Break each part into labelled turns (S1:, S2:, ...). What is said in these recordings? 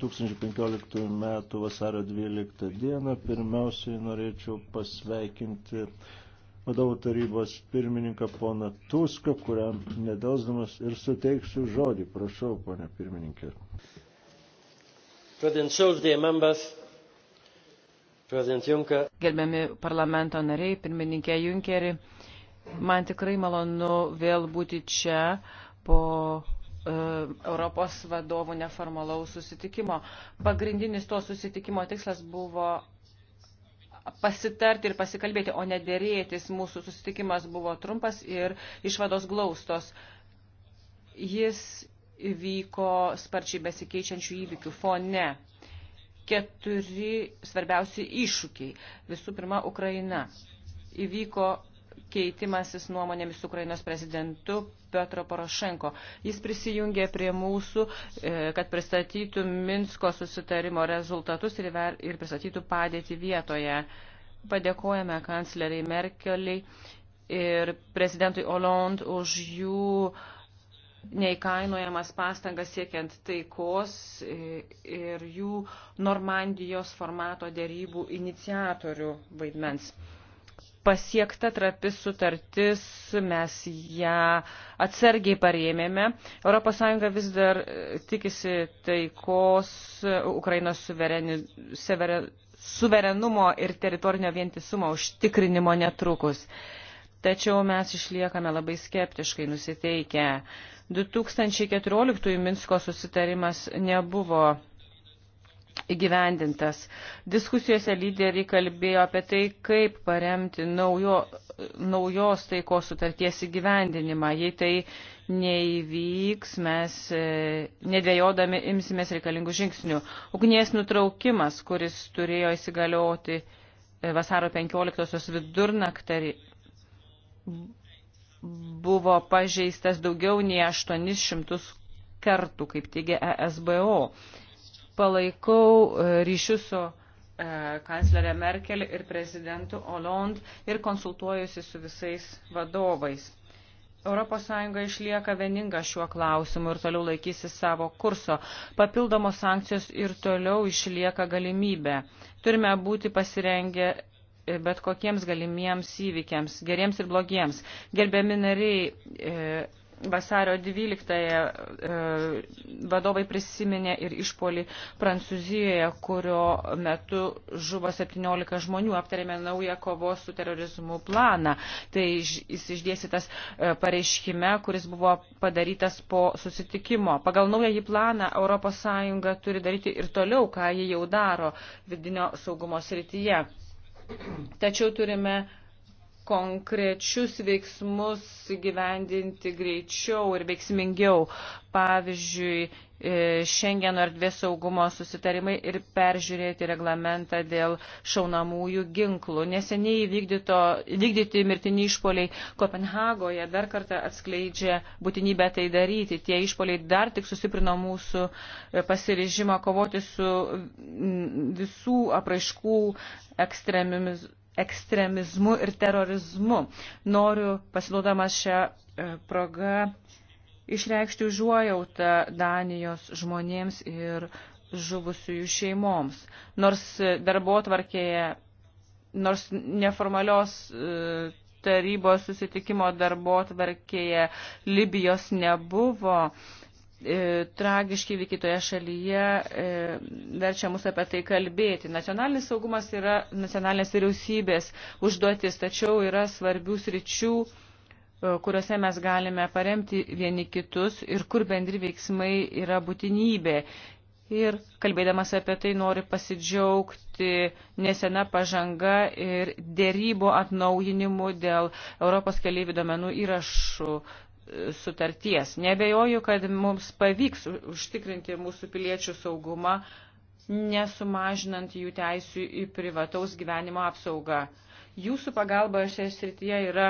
S1: 2015 m. vasario 12 d. Pirmiausiai norėčiau pasveikinti vadovų tarybos pirmininką poną Tuską, kuriam nedelsdamas ir suteiksiu žodį. Prašau, ponė pirmininkė.
S2: Gerbiami parlamento nariai, pirmininkė Junkeri, man tikrai malonu vėl būti čia po E, Europos vadovų neformalaus susitikimo. Pagrindinis to susitikimo tikslas buvo pasitarti ir pasikalbėti, o nedėrėtis. Mūsų susitikimas buvo trumpas ir išvados glaustos. Jis vyko sparčiai besikeičiančių įvykių fone. Keturi svarbiausi iššūkiai. Visų pirma, Ukraina. Įvyko keitimasis nuomonėmis Ukrainos prezidentu Petro Porošenko. Jis prisijungė prie mūsų, e, kad pristatytų Minsko susitarimo rezultatus ir, ver, ir pristatytų padėtį vietoje. Padėkojame kancleriai Merkeliai ir prezidentui Hollande už jų neįkainojamas pastangas siekiant taikos ir jų Normandijos formato dėrybų iniciatorių vaidmens pasiekta trapi sutartis, mes ją atsargiai parėmėme. ES vis dar e, tikisi taikos e, Ukrainos suvereni, severen, suverenumo ir teritorinio vientisumo užtikrinimo netrukus. Tačiau mes išliekame labai skeptiškai nusiteikę. 2014 Minsko susitarimas nebuvo įgyvendintas. Diskusijose lyderiai kalbėjo apie tai, kaip paremti naujo, naujos taikos sutarties įgyvendinimą. Jei tai neįvyks, mes e, nedėjodami imsimės reikalingų žingsnių. Ugnies nutraukimas, kuris turėjo įsigalioti e, vasaro 15-osios vidurnaktarį, buvo pažeistas daugiau nei 800 kartų, kaip teigia ESBO palaikau e, ryšius su e, kanclerė Merkel ir prezidentu Hollande ir konsultuojusi su visais vadovais. ES išlieka vieninga šiuo klausimu ir toliau laikysi savo kurso. Papildomos sankcijos ir toliau išlieka galimybė. Turime būti pasirengę e, bet kokiems galimiems įvykiams, geriems ir blogiems. Gerbiami nariai, vasario 12 e, vadovai prisiminė ir išpolį Prancūzijoje, kurio metu žuvo 17 žmonių. Aptarėme naują kovos su terorizmu planą. Tai jis išdėsitas e, pareiškime, kuris buvo padarytas po susitikimo. Pagal naująjį planą ES turi daryti ir toliau, ką jie jau daro vidinio saugumo srityje. Tačiau turime konkrečius veiksmus gyvendinti greičiau ir veiksmingiau. Pavyzdžiui, e, Šengeno erdvės saugumo susitarimai ir peržiūrėti reglamentą dėl šaunamųjų ginklų. Neseniai vykdyti mirtini išpoliai Kopenhagoje dar kartą atskleidžia būtinybę tai daryti. Tie išpoliai dar tik susiprino mūsų e, pasirežimą kovoti su visų apraiškų ekstremizmu ekstremizmu ir terorizmu. Noriu pasinaudamas šią e, progą išreikšti užuojautą Danijos žmonėms ir žuvusiųjų šeimoms. Nors darbo tvarkėje, nors neformalios e, tarybos susitikimo darbo tvarkėje Libijos nebuvo, E, tragiški įvykiai toje šalyje e, verčia mus apie tai kalbėti. Nacionalinis saugumas yra nacionalinės vyriausybės užduotis, tačiau yra svarbių sričių, e, kuriuose mes galime paremti vieni kitus ir kur bendri veiksmai yra būtinybė. Ir kalbėdamas apie tai noriu pasidžiaugti nesena pažanga ir dėrybo atnaujinimu dėl Europos keliaivių domenų įrašų sutarties. Nebejoju, kad mums pavyks užtikrinti mūsų piliečių saugumą, nesumažinant jų teisų į privataus gyvenimo apsaugą. Jūsų pagalba šioje srityje yra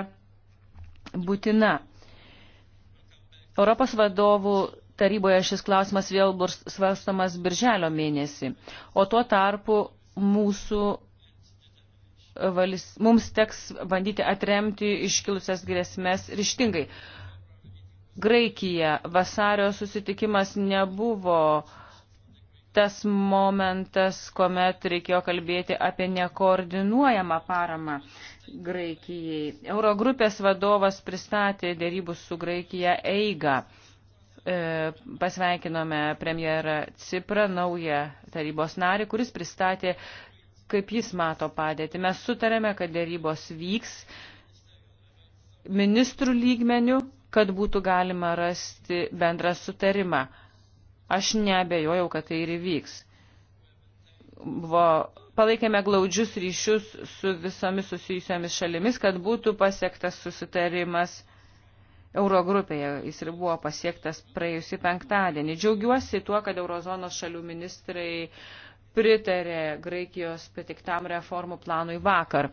S2: būtina. Europos vadovų taryboje šis klausimas vėl bus svarstomas birželio mėnesį, o tuo tarpu mūsų valis, mums teks bandyti atremti iškilusias grėsmės ryštingai. Graikija vasario susitikimas nebuvo tas momentas, kuomet reikėjo kalbėti apie nekoordinuojamą paramą Graikijai. Eurogrupės vadovas pristatė dėrybų su Graikija eigą. E, pasveikinome premjerą Ciprą, naują tarybos narį, kuris pristatė, kaip jis mato padėtį. Mes sutarėme, kad dėrybos vyks ministrų lygmenių kad būtų galima rasti bendrą sutarimą. Aš neabejojau, kad tai ir įvyks. Buvo, palaikėme glaudžius ryšius su visomis susijusiamis šalimis, kad būtų pasiektas susitarimas Eurogrupėje. Jis ir buvo pasiektas praėjusį penktadienį. Džiaugiuosi tuo, kad Eurozonos šalių ministrai pritarė Graikijos patiktam reformų planui vakar.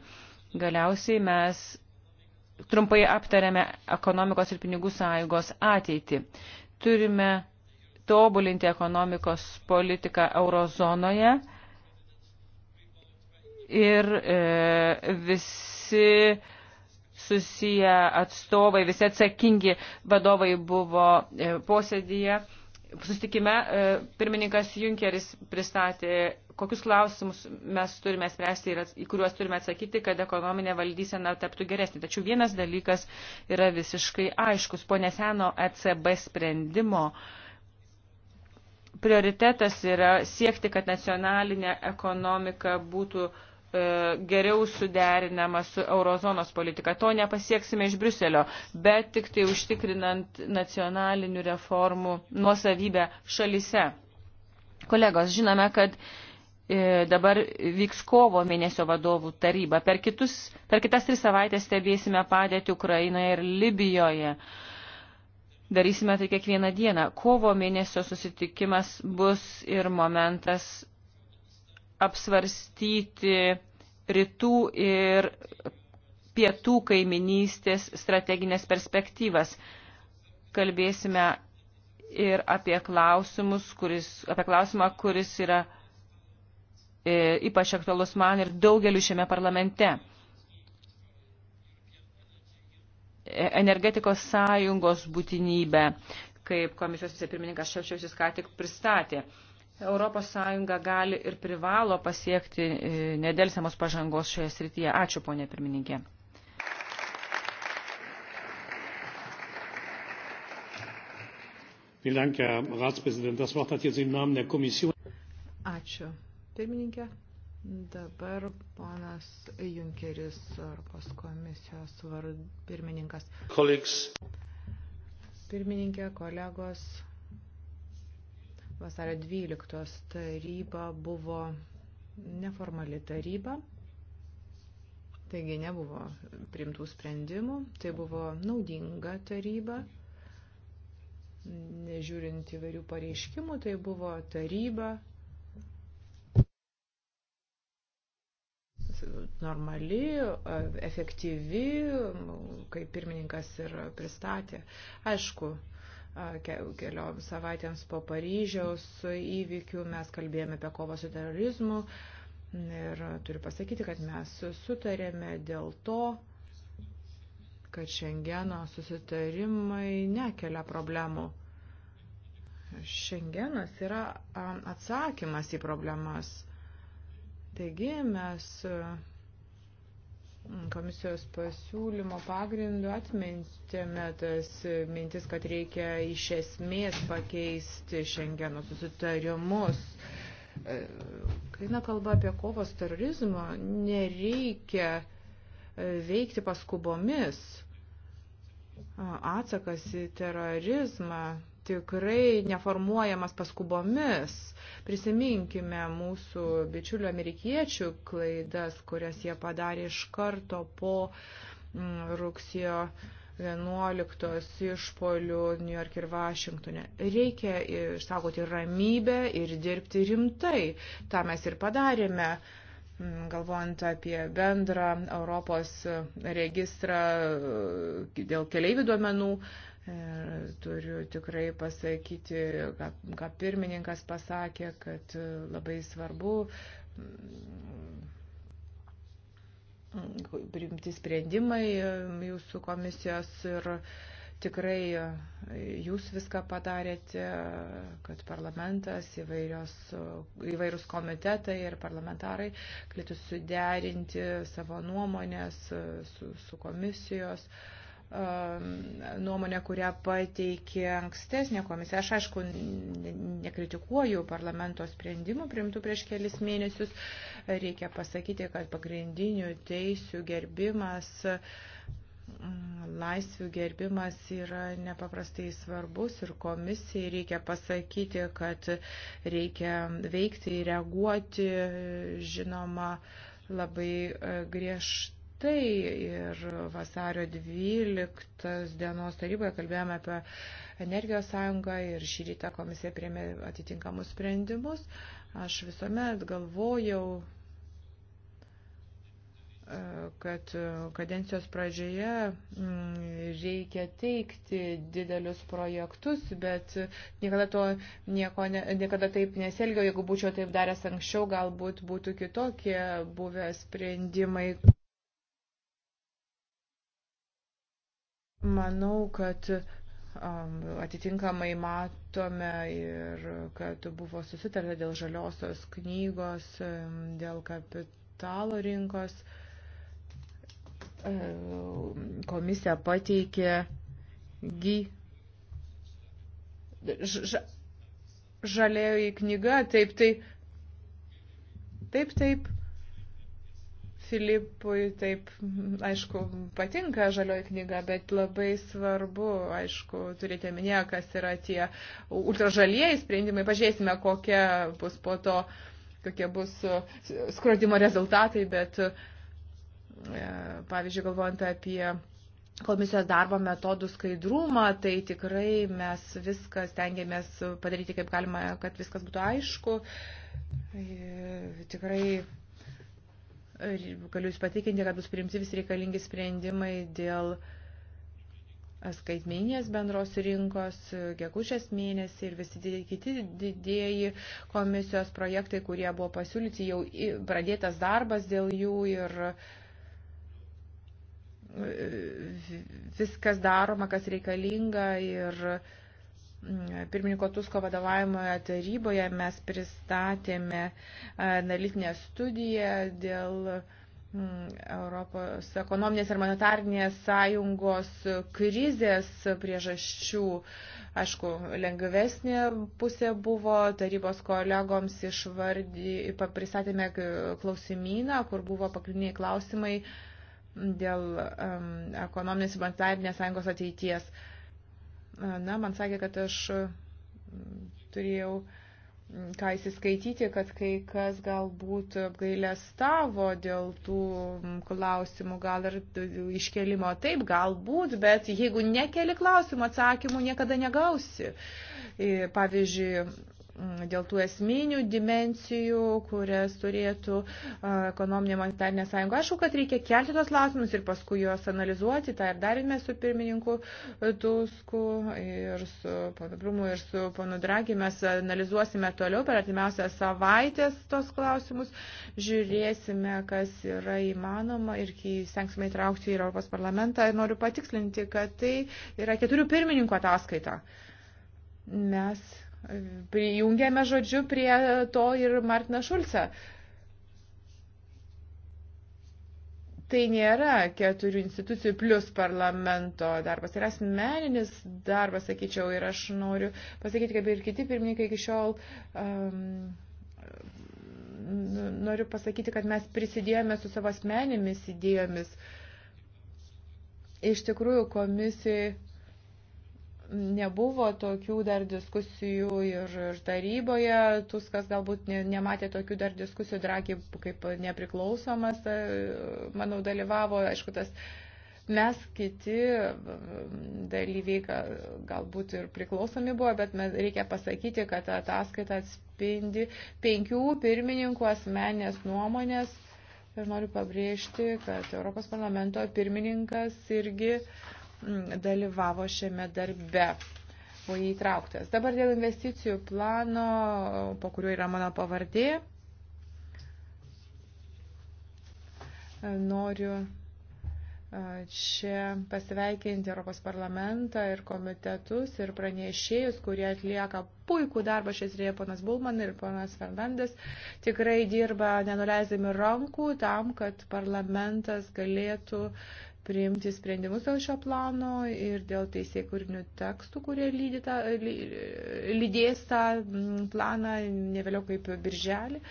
S2: Galiausiai mes trumpai aptarėme ekonomikos ir pinigų sąjungos ateitį. Turime tobulinti ekonomikos politiką eurozonoje ir e, visi susiję atstovai, visi atsakingi vadovai buvo e, posėdyje. Sustikime, e, pirmininkas Junkeris pristatė kokius klausimus mes turime spręsti ir į kuriuos turime atsakyti, kad ekonominė valdysena taptų geresnė. Tačiau vienas dalykas yra visiškai aiškus. Po neseno ECB sprendimo prioritetas yra siekti, kad nacionalinė ekonomika būtų e, geriau suderinama su eurozonos politika. To nepasieksime iš Briuselio, bet tik tai užtikrinant nacionalinių reformų nuosavybę šalise. Kolegos, žinome, kad uh, E, dabar vyks kovo mėnesio vadovų taryba. Per, kitus, per kitas tris savaitės stebėsime padėtį Ukrainoje ir Libijoje. Darysime tai kiekvieną dieną. Kovo mėnesio susitikimas bus ir momentas apsvarstyti rytų ir pietų kaiminystės strateginės perspektyvas. Kalbėsime ir apie, kuris, apie klausimą, kuris yra E, ypač aktualus man ir daugeliu šiame parlamente. E, energetikos sąjungos būtinybę, kaip komisijos vicepirmininkas Ševčiausis ką tik pristatė. Europos sąjunga gali ir privalo pasiekti e, nedelsiamos pažangos šioje srityje. Ačiū, ponė
S1: pirmininkė. Vielen Dank, Herr Ratspräsident. Das Wort hat jetzt im Namen der Kommission.
S3: Ačiū pirmininkė. Dabar ponas Junkeris, Europos komisijos vard, pirmininkas. Kolegs. Pirmininkė, kolegos. Vasario 12 taryba buvo neformali taryba, taigi nebuvo primtų sprendimų, tai buvo naudinga taryba, nežiūrint įvairių pareiškimų, tai buvo taryba, normali, efektyvi, kaip pirmininkas ir pristatė. Aišku, keliom savaitėms po Paryžiaus įvykių mes kalbėjome apie kovą su terorizmu ir turiu pasakyti, kad mes sutarėme dėl to, kad Šengeno susitarimai nekelia problemų. Šengenas yra atsakymas į problemas. Taigi mes komisijos pasiūlymo pagrindu atmintėme tas mintis, kad reikia iš esmės pakeisti Šengeno susitarimus. E, kai na kalba apie kovos terorizmo, nereikia e, veikti paskubomis. Atsakas į terorizmą tikrai neformuojamas paskubomis. Prisiminkime mūsų bičiulių amerikiečių klaidas, kurias jie padarė iš karto po mm, rugsėjo 11 išpolių New York ir Vašingtonė. Reikia išsaugoti ramybę ir dirbti rimtai. Ta mes ir padarėme mm, galvojant apie bendrą Europos registrą mm, dėl keleivių duomenų, Ir turiu tikrai pasakyti, ką, ką pirmininkas pasakė, kad labai svarbu mm, priimti sprendimai jūsų komisijos ir tikrai jūs viską padarėte, kad parlamentas, įvairios, įvairūs komitetai ir parlamentarai galėtų suderinti savo nuomonės su, su komisijos uh, Um, nuomonę, kurią pateikė ankstesnė komisija. Aš aišku nekritikuoju parlamento sprendimų priimtų prieš kelis mėnesius. Reikia pasakyti, kad pagrindinių teisių gerbimas mm, laisvių gerbimas yra nepaprastai svarbus ir komisijai reikia pasakyti, kad reikia veikti ir reaguoti, žinoma, labai e, griežtai tai ir vasario 12 dienos taryboje kalbėjome apie energijos sąjungą ir šį rytą komisija priėmė atitinkamus sprendimus. Aš visuomet galvojau, e, kad kadencijos pradžioje mm, reikia teikti didelius projektus, bet niekada, to, nieko ne, niekada taip nesielgiau. Jeigu būčiau taip daręs anksčiau, galbūt būtų kitokie buvę sprendimai. Manau, kad atitinkamai matome ir kad buvo susitarta dėl žaliosios knygos, dėl kapitalo rinkos. Komisija pateikė gy. Žalėjo į knygą, taip, tai, taip, taip. taip. Filipui taip, aišku, patinka žalioji knyga, bet labai svarbu, aišku, turite minėję, kas yra tie ultražalieji sprendimai. Pažiūrėsime, kokie bus po to, kokie bus skrodimo rezultatai, bet, e, pavyzdžiui, galvojant apie komisijos darbo metodų skaidrumą, tai tikrai mes viską stengiamės padaryti kaip galima, kad viskas būtų aišku. E, tikrai Galiu Jūs patikinti, kad bus priimti visi reikalingi sprendimai dėl skaitmeninės bendros rinkos, gegužės mėnesį ir visi kiti didėjai komisijos projektai, kurie buvo pasiūlyti, jau pradėtas darbas dėl jų ir e, viskas daroma, kas reikalinga ir pirmininko Tusko vadovavimoje taryboje mes pristatėme analitinę studiją dėl mm, Europos ekonominės ir monetarnės sąjungos krizės priežasčių. Aišku, lengvesnė pusė buvo, tarybos kolegoms išvardy, pristatėme klausimyną, kur buvo pagrindiniai klausimai dėl um, ekonominės ir monetarnės sąjungos ateities. Uh, na, man sakė, kad aš mm, turėjau mm, ką įsiskaityti, kad kai kas galbūt apgailę stavo dėl tų mm, klausimų, gal ir iškelimo taip, galbūt, bet jeigu nekeli klausimų, atsakymų niekada negausi. Pavyzdžiui, Mm, dėl tų esminių dimencijų, kurias turėtų ekonominė monetarinė sąjunga. Aišku, kad reikia kelti tos klausimus ir paskui juos analizuoti. Ta ir darėme su pirmininku Tusku ir su ponu Brumu ir su ponu Dragi. Mes analizuosime toliau per atimiausią savaitės tos klausimus, žiūrėsime, kas yra įmanoma ir stengsime įtraukti į Europos parlamentą. Ir noriu patikslinti, kad tai yra keturių pirmininkų ataskaita. Mes prijungėme žodžiu prie to ir Martiną Šulcą. Tai nėra keturių institucijų plus parlamento darbas, tai yra asmeninis darbas, sakyčiau, ir aš noriu pasakyti, kaip ir kiti pirmininkai iki šiol. Um, nu, noriu pasakyti, kad mes prisidėjome su savo asmenėmis idėjomis. Iš tikrųjų, komisijai nebuvo tokių dar diskusijų ir, ir taryboje, Tuskas galbūt ne, nematė tokių dar diskusijų, Dragi kaip nepriklausomas, e, manau, dalyvavo, aišku, tas mes kiti dalyviai galbūt ir priklausomi buvo, bet reikia pasakyti, kad ataskaita atspindi penkių pirmininkų asmenės nuomonės ir noriu pabrėžti, kad Europos parlamento pirmininkas irgi uh, Mm, dalyvavo šiame darbe buvo įtrauktas. Dabar dėl investicijų plano, po kuriuo yra mano pavardė, noriu čia pasveikinti Europos parlamentą ir komitetus ir pranešėjus, kurie atlieka puikų darbą šis rėje ponas Bulman ir ponas Fernandes. Tikrai dirba nenuleisdami rankų tam, kad parlamentas galėtų uh, priimti sprendimus dėl šio plano ir dėl teisėkūrinių tekstų, kurie lydita, ly, lydės tą mm, planą ne vėliau kaip birželį.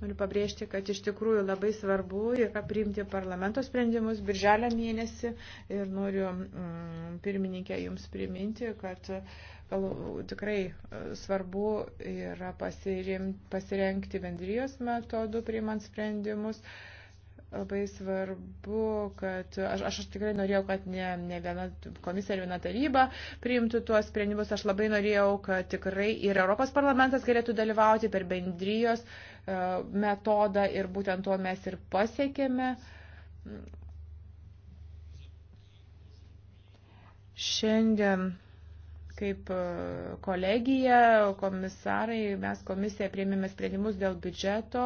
S3: Noriu pabrėžti, kad iš tikrųjų labai svarbu yra priimti parlamento sprendimus birželio mėnesį ir noriu mm, pirmininkę jums priminti, kad gal, tikrai e, svarbu yra pasirim, pasirengti bendrijos metodu priimant sprendimus. Mm, labai svarbu, kad aš, aš tikrai norėjau, kad ne, ne viena komisija ir viena taryba priimtų tuos sprendimus. Aš labai norėjau, kad tikrai ir Europos parlamentas galėtų dalyvauti per bendrijos uh, metodą ir būtent to mes ir pasiekėme. Šiandien kaip e, kolegija, komisarai, mes komisija priėmėme sprendimus dėl biudžeto,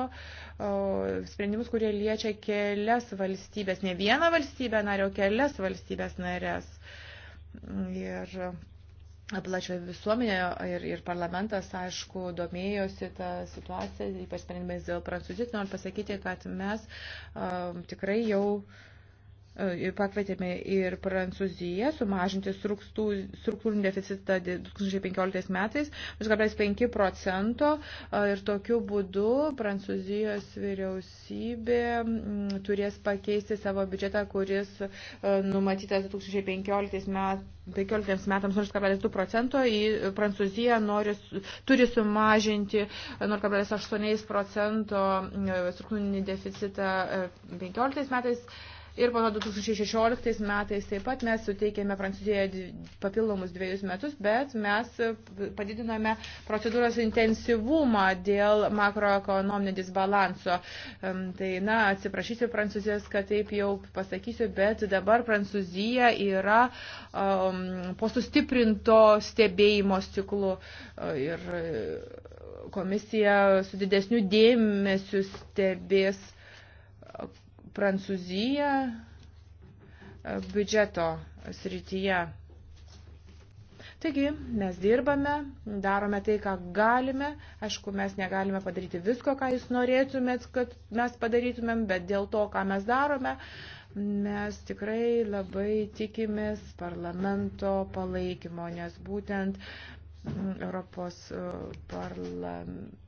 S3: sprendimus, kurie liečia kelias valstybės, ne vieną valstybę nario, kelias valstybės narės. Ir plačioje visuomenėje ir, ir parlamentas, aišku, domėjosi tą situaciją, ypač sprendimais dėl prancūzijos. Noriu pasakyti, kad mes um, tikrai jau uh, E, pakvietėme ir Prancūziją sumažinti struktūrinį deficitą 2015 metais 0,5 procento e, ir tokiu būdu Prancūzijos vyriausybė mm, turės pakeisti savo biudžetą, kuris e, numatytas 2015 metais. 15 metams 0,2 procento į Prancūziją nori, turi sumažinti 0,8 procento mm, struktūrinį deficitą 15 metais Ir po 2016 metais taip pat mes suteikėme Prancūzijoje papildomus dviejus metus, bet mes e, padidiname procedūros intensyvumą dėl makroekonominio disbalanso. Tai, na, atsiprašysiu Prancūzijos, kad taip jau pasakysiu, bet dabar Prancūzija yra um, po sustiprinto stebėjimo stiklu. E, ir, e, komisija su didesniu dėmesiu stebės Prancūzija e, biudžeto srityje. Taigi, mes dirbame, darome tai, ką galime. Aišku, mes negalime padaryti visko, ką jūs norėtumėt, kad mes padarytumėm, bet dėl to, ką mes darome, mes tikrai labai tikimės parlamento palaikymo, nes būtent mm, Europos e, parlamento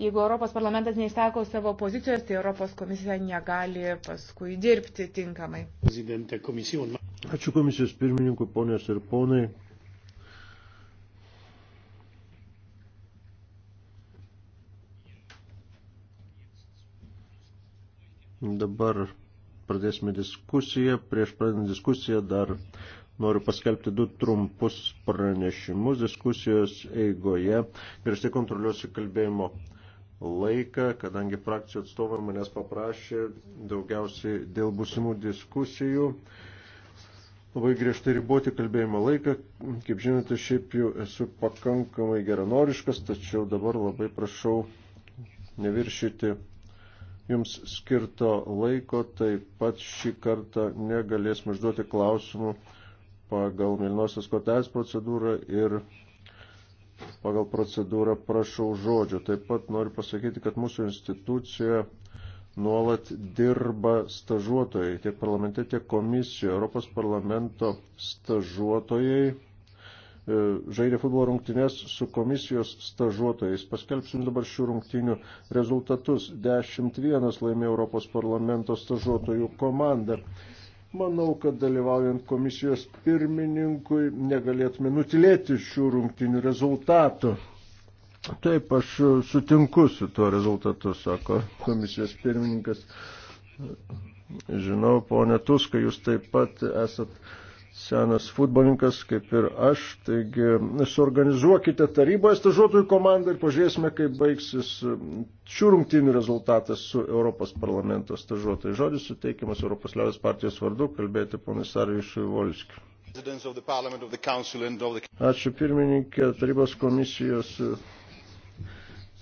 S3: Jeigu Europos parlamentas neįsako savo pozicijos, tai Europos komisija negali paskui dirbti tinkamai.
S1: Ačiū komisijos pirmininkui, ponės ir ponai. Dabar pradėsime diskusiją. Prieš pradedant diskusiją dar noriu paskelbti du trumpus pranešimus diskusijos eigoje. Griežtai kontroliuosiu kalbėjimo laiką, kadangi frakcijų atstovai manęs paprašė daugiausiai dėl būsimų diskusijų labai griežtai riboti kalbėjimo laiką. Kaip žinote, šiaip jau esu pakankamai geranoriškas, tačiau dabar labai prašau neviršyti jums skirto laiko. Taip pat šį kartą negalėsime užduoti klausimų pagal Milnosios kortelės procedūrą ir pagal procedūrą prašau žodžio. Taip pat noriu pasakyti, kad mūsų institucija nuolat dirba stažuotojai, tiek parlamente, tiek komisijoje. Europos parlamento stažuotojai e, žaidė futbolo rungtynės su komisijos stažuotojais. Paskelbsim dabar šių rungtynių rezultatus. 10-1 laimė Europos parlamento stažuotojų komanda. Manau, kad dalyvaujant komisijos pirmininkui negalėtume nutilėti šių rungtinių rezultatų. Taip, aš sutinku su tuo rezultatu, sako komisijos pirmininkas. Žinau, ponė Tuska, jūs taip pat esat senas futbolininkas kaip ir aš, taigi suorganizuokite taryboje stažuotojų komandą ir pažiūrėsime, kaip baigsis šių rungtynių rezultatas su Europos parlamento stažuotojai. Žodis suteikiamas Europos liaudės partijos vardu kalbėti ponas Arvišui Volskiu. Ačiū pirmininkė, tarybos komisijos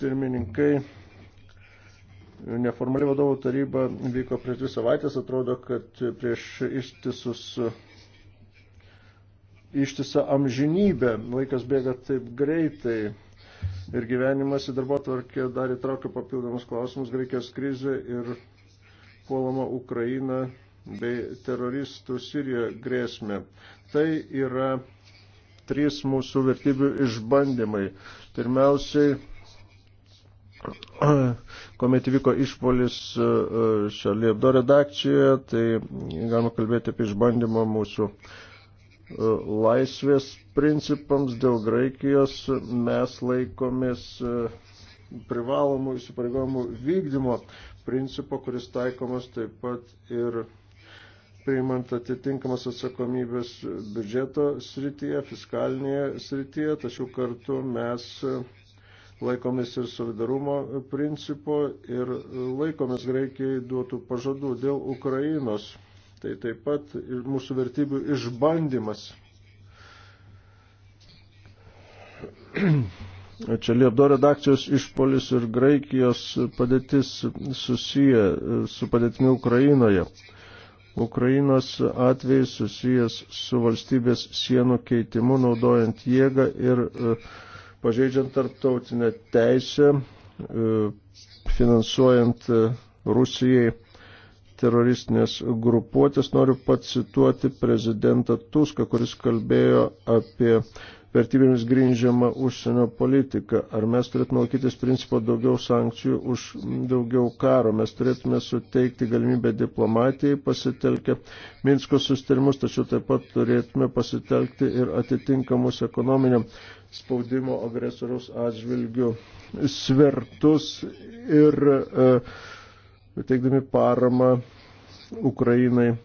S1: pirmininkai. Neformali vadovų taryba vyko prieš dvi savaitės, atrodo, kad prieš ištisus ištisą amžinybę. Laikas bėga taip greitai. Ir gyvenimas į darbo tvarkę dar įtraukia papildomus klausimus Graikijos krizė ir puolama Ukraina bei teroristų Sirijoje grėsmė. Tai yra trys mūsų vertybių išbandymai. Pirmiausiai, kuomet įvyko išpolis e, e, šalia Liebdo redakcijoje, tai galima kalbėti apie išbandymą mūsų uh, laisvės principams dėl Graikijos mes laikomės e, privalomų įsipareigojimų vykdymo principo, kuris taikomas taip pat ir priimant atitinkamas atsakomybės biudžeto srityje, fiskalinėje srityje, tačiau kartu mes laikomės ir solidarumo principo ir laikomės Graikijai duotų pažadų dėl Ukrainos. Tai taip pat ir mūsų vertybių išbandymas. Čia Liepdo redakcijos išpolis ir Graikijos padėtis susiję su padėtimi Ukrainoje. Ukrainos atvejais susijęs su valstybės sienų keitimu, naudojant jėgą ir e, pažeidžiant tarptautinę teisę, e, finansuojant e, Rusijai teroristinės grupuotės. Noriu pacituoti prezidentą Tuską, kuris kalbėjo apie vertybėmis grindžiamą užsienio politiką. Ar mes turėtume laikytis principo daugiau sankcijų už daugiau karo? Mes turėtume suteikti galimybę diplomatijai pasitelkę Minsko sustarimus, tačiau taip pat turėtume pasitelkti ir atitinkamus ekonominiam spaudimo agresoriaus atžvilgių svertus ir e, teikdami paramą Ukrainai e,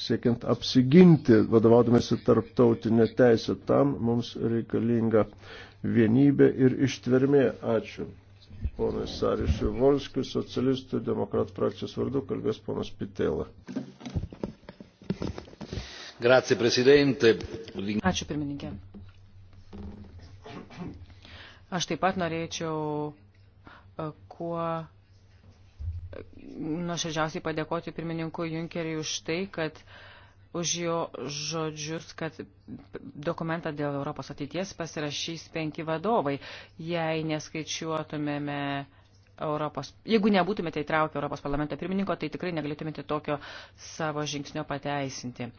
S1: siekiant apsiginti, vadovaudomėsi tarptautinę teisę. Tam mums reikalinga vienybė ir ištvermė. Ačiū. Ponas Sarišiu Volskiu, socialistų demokratų frakcijos vardu, kalbės ponas Pitėla. Grazie, prezidente. Ačiū,
S2: pirmininkė. Aš taip pat norėčiau e, kuo nuoširdžiausiai padėkoti pirmininkui Junkeriui už tai, kad už jo žodžius, kad dokumentą dėl Europos ateities pasirašys penki vadovai. Jei neskaičiuotumėme Europos, jeigu nebūtumėte įtraukę Europos parlamento pirmininko, tai tikrai negalėtumėte tokio savo žingsnio pateisinti.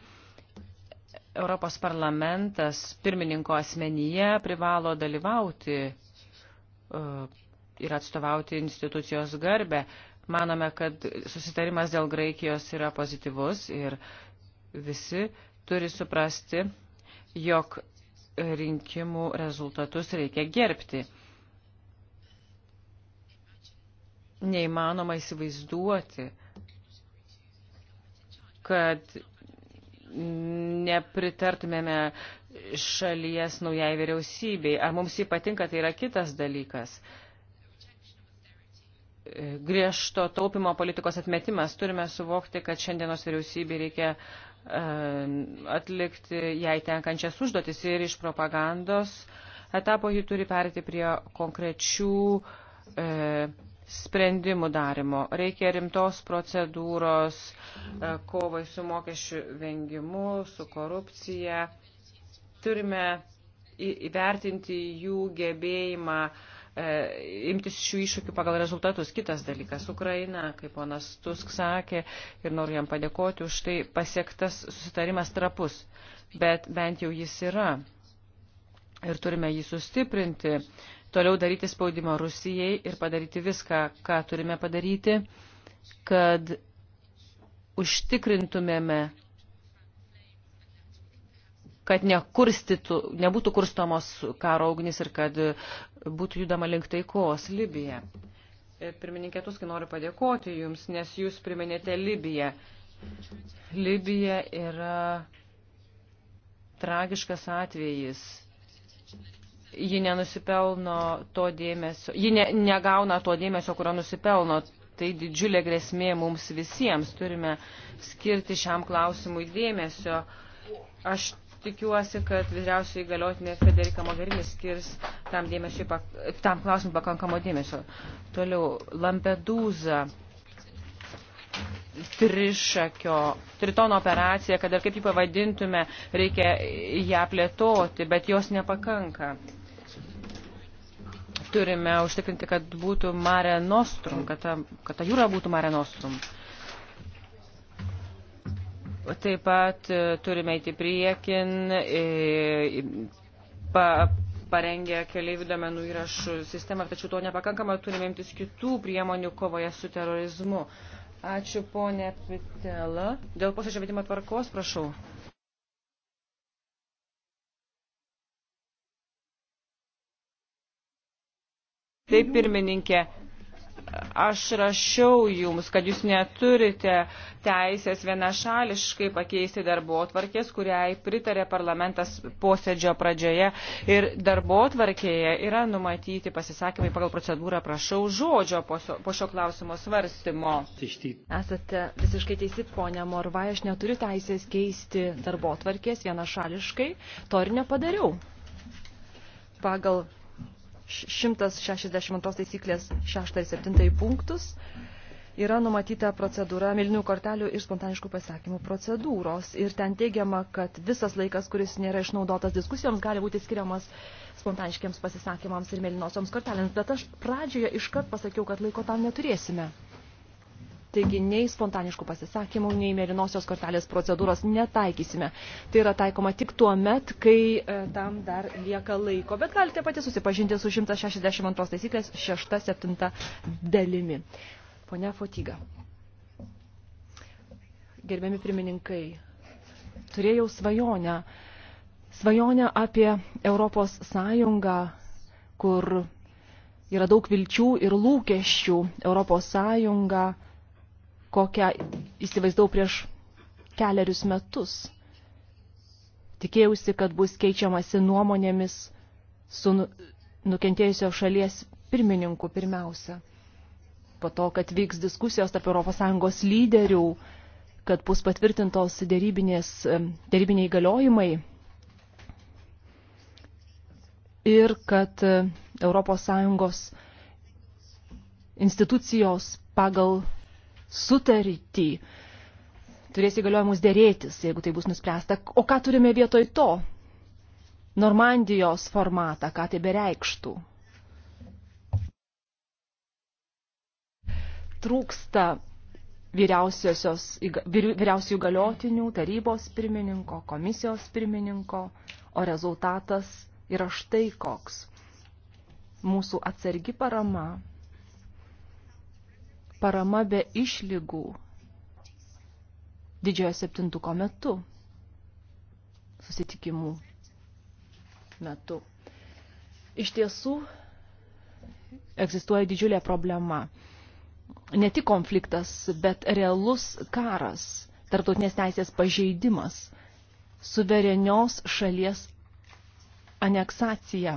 S2: Europos parlamentas pirmininko asmenyje privalo dalyvauti uh, ir atstovauti institucijos garbę. Manome, kad susitarimas dėl Graikijos yra pozityvus ir visi turi suprasti, jog rinkimų rezultatus reikia gerbti. Neįmanoma įsivaizduoti, kad nepritartumėme šalies naujai vyriausybei. Ar mums jį patinka, tai yra kitas dalykas griežto taupimo politikos atmetimas. Turime suvokti, kad šiandienos vyriausybė reikia atlikti jai tenkančias užduotis ir iš propagandos etapo ji turi perėti prie konkrečių e, sprendimų darimo. Reikia rimtos procedūros e, kovai su mokesčių vengimu, su korupcija. Turime įvertinti jų gebėjimą e, E, imtis šių iššūkių pagal rezultatus. Kitas dalykas - Ukraina, kaip ponas Tusk sakė, ir noriu jam padėkoti už tai, pasiektas susitarimas trapus, bet bent jau jis yra ir turime jį sustiprinti, toliau daryti spaudimą Rusijai ir padaryti viską, ką turime padaryti, kad užtikrintumėme kad nekurstytų, nebūtų kurstomos karo ugnis ir kad būtų judama link taikos Libija. E, pirmininkė Tuskai noriu padėkoti Jums, nes Jūs priminėte Libiją. Libija yra tragiškas atvejis. Ji nenusipelno to dėmesio, ji ne, negauna to dėmesio, kurio nusipelno tai didžiulė grėsmė mums visiems. Turime skirti šiam klausimui dėmesio. Aš Tikiuosi, kad vyriausiai galiotinė Federika Mogherini skirs tam, dėmesio, tam klausimui pakankamo dėmesio. Toliau, Lampedūza trišakio, tritono operacija, kad ir kaip jį pavadintume, reikia ją plėtoti, bet jos nepakanka. Turime užtikrinti, kad būtų Mare Nostrum, kad ta, kad ta jūra būtų Mare Nostrum. Uh, Taip pat e, turime įti priekin, e, pa, parengę keliaivių domenų įrašų sistemą, tačiau to nepakankama, turime imtis kitų priemonių kovoje su terorizmu. Ačiū, ponė Pitela. Dėl posėdžio vedimo tvarkos, prašau. Taip, pirmininkė aš rašiau jums, kad jūs neturite teisės vienašališkai pakeisti darbo atvarkės, kuriai pritarė parlamentas posėdžio pradžioje. Ir darbo atvarkėje yra numatyti pasisakymai pagal procedūrą, prašau, žodžio po, po šio klausimo svarstymo.
S4: Esate visiškai teisi, ponia Morvai, aš neturiu teisės keisti darbo atvarkės vienašališkai, to ir nepadariau. Pagal 162 taisyklės 6 ir 7 punktus yra numatyta procedūra milinių kortelių ir spontaniškų pasakymų procedūros. Ir ten teigiama, kad visas laikas, kuris nėra išnaudotas diskusijoms, gali būti skiriamas spontaniškiams pasisakymams ir mėlynosioms kortelėms. Bet aš pradžioje iškart pasakiau, kad laiko tam neturėsime. Taigi nei spontaniškų pasisakymų, nei mėlynosios kortelės procedūros netaikysime. Tai yra taikoma tik tuo met, kai e, tam dar lieka laiko. Bet galite pati susipažinti su 162 taisyklės 6-7 dalimi. Pone Fotyga. Gerbiami pirmininkai, turėjau svajonę. Svajonę apie Europos Sąjungą, kur yra daug vilčių ir lūkesčių Europos Sąjungą kokią įsivaizdau prieš keliarius metus. Tikėjausi, kad bus keičiamasi nuomonėmis su nu, nukentėjusio šalies pirmininku pirmiausia. Po to, kad vyks diskusijos tarp ES lyderių, kad bus patvirtintos dėrybiniai įgaliojimai ir kad ES institucijos pagal sutartį, turės įgaliojimus dėrėtis, jeigu tai bus nuspręsta. O ką turime vietoj to? Normandijos formatą, ką tai bereikštų? Trūksta vyriausiųjų galiotinių, tarybos pirmininko, komisijos pirmininko, o rezultatas yra štai koks. Mūsų atsargi parama parama be išlygų didžiojo septintuko metu, susitikimų metu. Iš tiesų egzistuoja didžiulė problema. Ne tik konfliktas, bet realus karas, tarptautinės teisės pažeidimas, suverenios šalies aneksacija.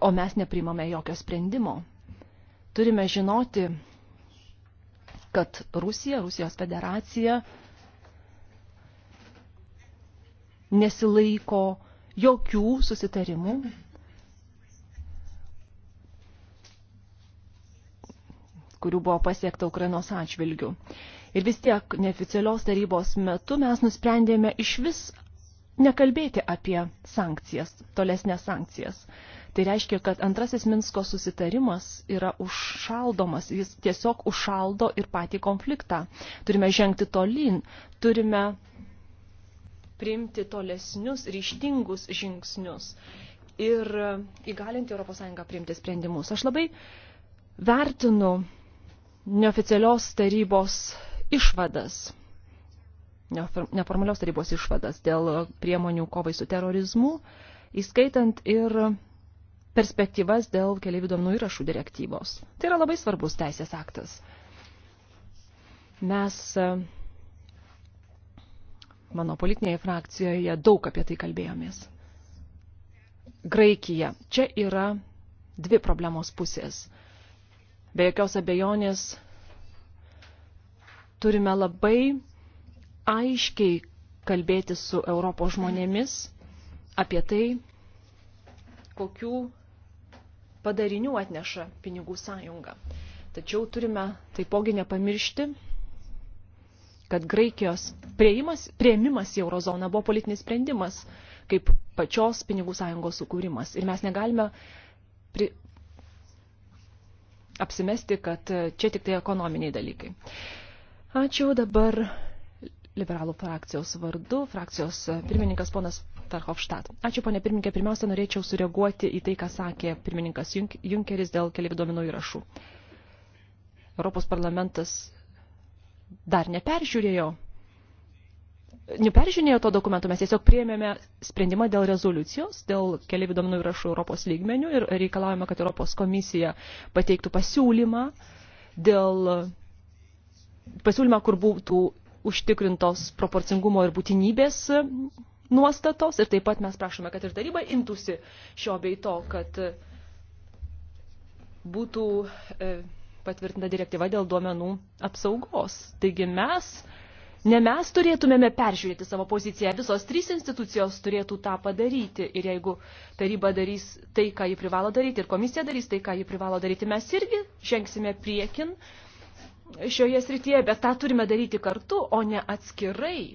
S4: O mes neprimame jokio sprendimo turime žinoti, kad Rusija, Rusijos federacija nesilaiko jokių susitarimų. kurių buvo pasiekta Ukrainos atžvilgių. Ir vis tiek neoficialios tarybos metu mes nusprendėme iš vis nekalbėti apie sankcijas, tolesnės sankcijas. Tai reiškia, kad antrasis Minsko susitarimas yra užšaldomas, jis tiesiog užšaldo ir patį konfliktą. Turime žengti tolin, turime priimti tolesnius ryštingus žingsnius ir įgalinti ES priimti sprendimus. Aš labai vertinu neoficialios tarybos išvadas, neformalios tarybos išvadas dėl priemonių kovai su terorizmu, įskaitant ir perspektyvas dėl keliaivių duomenų įrašų direktyvos. Tai yra labai svarbus teisės aktas. Mes e, mano politinėje frakcijoje daug apie tai kalbėjomės. Graikija. Čia yra dvi problemos pusės. Be jokios abejonės turime labai aiškiai kalbėti su Europos žmonėmis apie tai, kokių padarinių atneša pinigų sąjunga. Tačiau turime taipogi nepamiršti, kad Graikijos prieimas, prieimimas į eurozoną buvo politinis sprendimas, kaip pačios pinigų sąjungos sukūrimas. Ir mes negalime pri... apsimesti, kad čia tik tai ekonominiai dalykai. Ačiū dabar liberalų frakcijos vardu, frakcijos pirmininkas ponas Ferhofstadt. Ačiū, ponė pirmininkė. Pirmiausia, norėčiau sureaguoti į tai, ką sakė pirmininkas Junkeris dėl keliaivių duomenų įrašų. Europos parlamentas dar neperžiūrėjo. Neperžiūrėjo to dokumento, mes tiesiog priėmėme sprendimą dėl rezoliucijos, dėl keliaivių duomenų įrašų Europos lygmenių ir reikalavome, kad Europos komisija pateiktų pasiūlymą dėl pasiūlymą, kur būtų užtikrintos proporcingumo ir būtinybės nuostatos ir taip pat mes prašome, kad ir taryba imtųsi šio bei to, kad e, būtų e, patvirtinta direktyva dėl duomenų apsaugos. Taigi mes, ne mes turėtumėme peržiūrėti savo poziciją, visos trys institucijos turėtų tą padaryti ir jeigu taryba darys tai, ką ji privalo daryti ir komisija darys tai, ką ji privalo daryti, mes irgi žengsime priekin šioje srityje, bet tą turime daryti kartu, o ne atskirai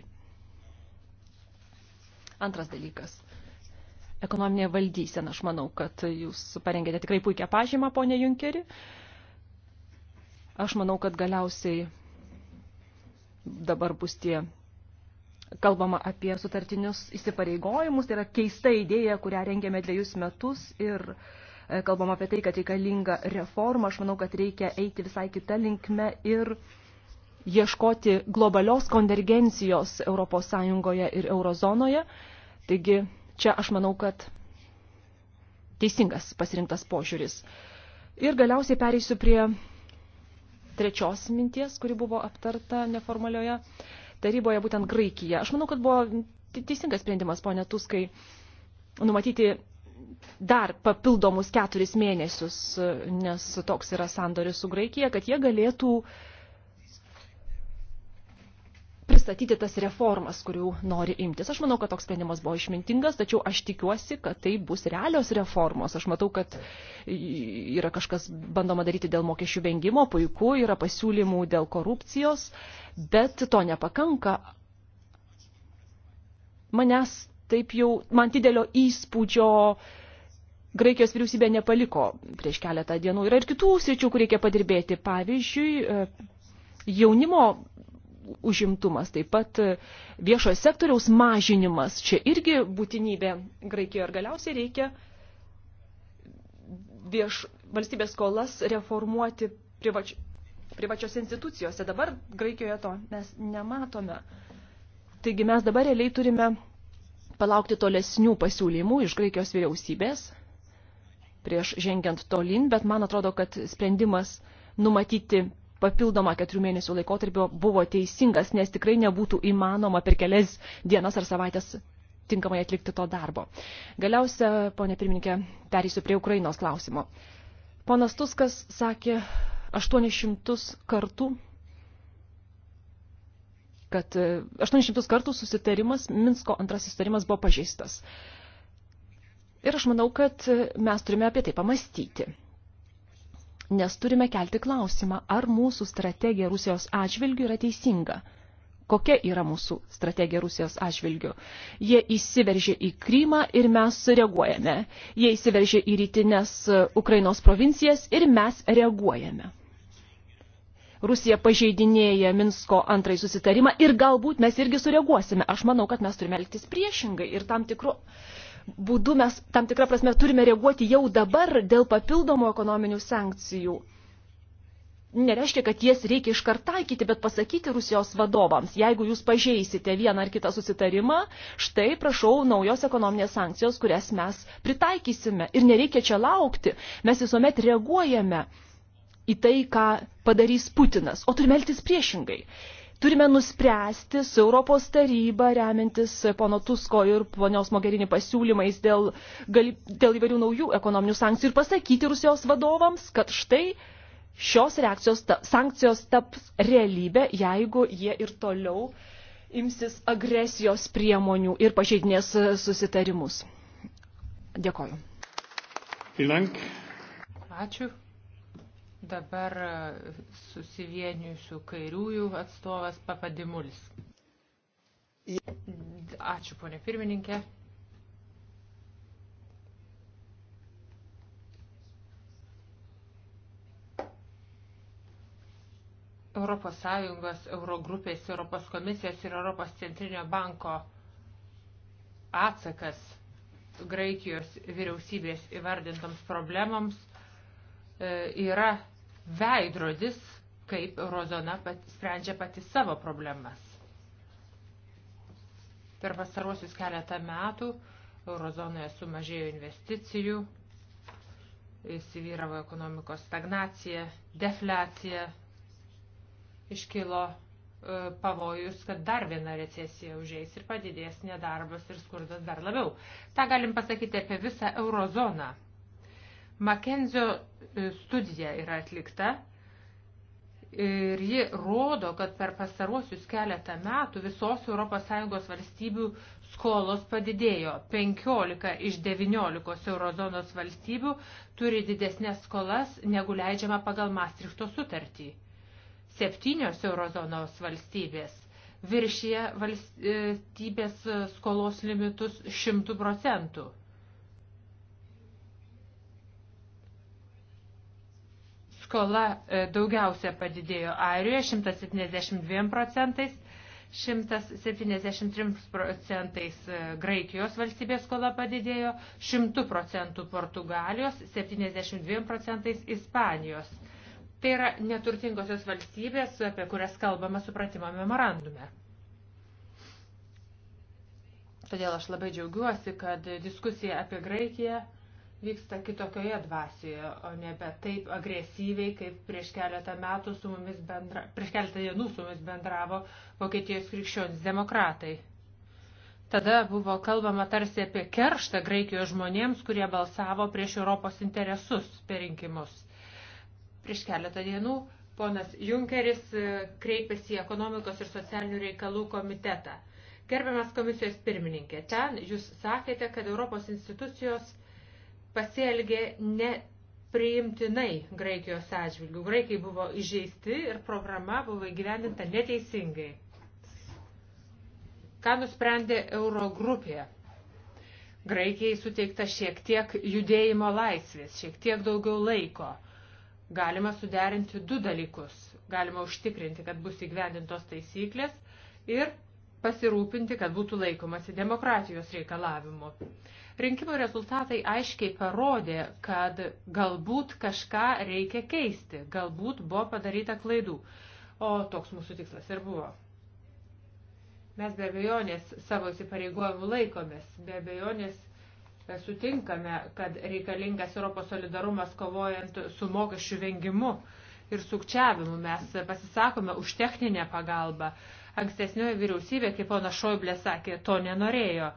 S4: Antras dalykas. Ekonominė valdysena. Aš manau, kad jūs parengėte tikrai puikią pažymą, ponė Junkeri. Aš manau, kad galiausiai dabar bus tie kalbama apie sutartinius įsipareigojimus. Tai yra keista idėja, kurią rengėme dviejus metus ir e, kalbama apie tai, kad reikalinga reforma. Aš manau, kad reikia eiti visai kitą linkmę ir uh, ieškoti globalios konvergencijos ES ir eurozonoje. Taigi čia aš manau, kad teisingas pasirinktas požiūris. Ir galiausiai pereisiu prie trečios minties, kuri buvo aptarta neformalioje taryboje, būtent Graikija. Aš manau, kad buvo teisingas sprendimas, ponė Tuskai, numatyti dar papildomus keturis mėnesius, nes toks yra sandoris su Graikija, kad jie galėtų uh, pristatyti tas reformas, kurių nori imtis. Aš manau, kad toks sprendimas buvo išmintingas, tačiau aš tikiuosi, kad tai bus realios reformos. Aš matau, kad yra kažkas bandoma daryti dėl mokesčių vengimo, puiku, yra pasiūlymų dėl korupcijos, bet to nepakanka. Manęs taip jau, man didelio įspūdžio Graikijos vyriausybė nepaliko prieš keletą dienų. Yra ir kitų sričių, kur reikia padirbėti. Pavyzdžiui, e, jaunimo užimtumas, taip pat viešojo sektoriaus mažinimas. Čia irgi būtinybė Graikijoje ir galiausiai reikia vieš, valstybės skolas reformuoti privač, privačios institucijose. Dabar Graikijoje to mes nematome. Taigi mes dabar realiai turime palaukti tolesnių pasiūlymų iš Graikijos vyriausybės prieš žengiant tolin, bet man atrodo, kad sprendimas numatyti papildomą keturių mėnesių laikotarpį buvo teisingas, nes tikrai nebūtų įmanoma per kelias dienas ar savaitės tinkamai atlikti to darbo. Galiausia, ponė pirmininkė, perėsiu prie Ukrainos klausimo. Ponas Tuskas sakė 800 kartų, kad 800 e, kartų susitarimas, Minsko antrasis susitarimas buvo pažeistas. Ir aš manau, kad e, mes turime apie tai pamastyti nes turime kelti klausimą, ar mūsų strategija Rusijos atžvilgių yra teisinga. Kokia yra mūsų strategija Rusijos atžvilgių? Jie įsiveržė į Krymą ir mes reaguojame. Jie įsiveržė į rytinės e, Ukrainos provincijas ir mes reaguojame. Rusija pažeidinėja Minsko antrąjį susitarimą ir galbūt mes irgi sureaguosime. Aš manau, kad mes turime elgtis priešingai ir tam tikru būdu mes tam tikrą prasme turime reaguoti jau dabar dėl papildomų ekonominių sankcijų. Nereiškia, kad jas reikia iškart taikyti, bet pasakyti Rusijos vadovams, jeigu jūs pažeisite vieną ar kitą susitarimą, štai prašau naujos ekonominės sankcijos, kurias mes pritaikysime. Ir nereikia čia laukti, mes visuomet reaguojame į tai, ką padarys Putinas, o turime elgtis priešingai turime nuspręsti su Europos taryba, remiantis pono Tusko ir ponios Mogerini pasiūlymais dėl, gal, dėl įvairių naujų ekonominių sankcijų ir pasakyti Rusijos vadovams, kad štai šios reakcijos ta, sankcijos taps realybė, jeigu jie ir toliau imsis agresijos priemonių ir pažeidinės susitarimus. Dėkoju.
S5: Ačiū. Dabar susivienijusių kairiųjų atstovas Papadimulis. Ačiū, ponė pirmininkė. Europos Sąjungos, Eurogrupės, Europos komisijos ir Europos centrinio banko atsakas Graikijos vyriausybės įvardintoms problemams e, yra veidrodis, kaip eurozona pat, sprendžia pati savo problemas. Per pastaruosius keletą metų eurozonoje sumažėjo investicijų, įsivyravo ekonomikos stagnacija, deflecija, iškilo e, pavojus, kad dar viena recesija užeis ir padidės nedarbas ir skurdas dar labiau. Ta galim pasakyti apie visą eurozoną. Makenzio e, studija yra atlikta ir ji rodo, kad per pastaruosius keletą metų visos ES valstybių skolos padidėjo. 15 iš 19 eurozonos valstybių turi didesnės skolas negu leidžiama pagal Maastrichto sutartį. Septynios eurozonos valstybės viršyje valstybės skolos limitus 100 procentų. skola e, daugiausia padidėjo Airijoje 172 procentais, 173 procentais e, Graikijos valstybės skola padidėjo, 100 procentų Portugalijos, 72 procentais Ispanijos. Tai yra neturtingosios valstybės, apie kurias kalbama supratimo memorandume. Todėl aš labai džiaugiuosi, kad diskusija apie Graikiją vyksta kitokioje dvasioje, o nebe taip agresyviai, kaip prieš keletą metų su mumis bendra, prieš keletą dienų su mumis bendravo Vokietijos krikščionis demokratai. Tada buvo kalbama tarsi apie kerštą Graikijos žmonėms, kurie balsavo prieš Europos interesus per rinkimus. Prieš keletą dienų ponas Junkeris e, kreipėsi į ekonomikos ir socialinių reikalų komitetą. Gerbiamas komisijos pirmininkė, ten jūs sakėte, kad Europos institucijos pasielgė nepriimtinai Graikijos atžvilgių. Graikai buvo įžeisti ir programa buvo įgyvendinta neteisingai. Ką nusprendė Eurogrupė? Graikijai suteikta šiek tiek judėjimo laisvės, šiek tiek daugiau laiko. Galima suderinti du dalykus. Galima užtikrinti, kad bus įgyvendintos taisyklės ir pasirūpinti, kad būtų laikomasi demokratijos reikalavimu. Rinkimų rezultatai aiškiai parodė, kad galbūt kažką reikia keisti, galbūt buvo padaryta klaidų. O toks mūsų tikslas ir buvo. Mes be abejonės savo įsipareigojimų laikomės, be abejonės e, sutinkame, kad reikalingas Europos solidarumas kovojant su mokesčių vengimu ir sukčiavimu. Mes pasisakome už techninę pagalbą. Ankstesnioje vyriausybė, kaip pona Šoiblė sakė, to nenorėjo.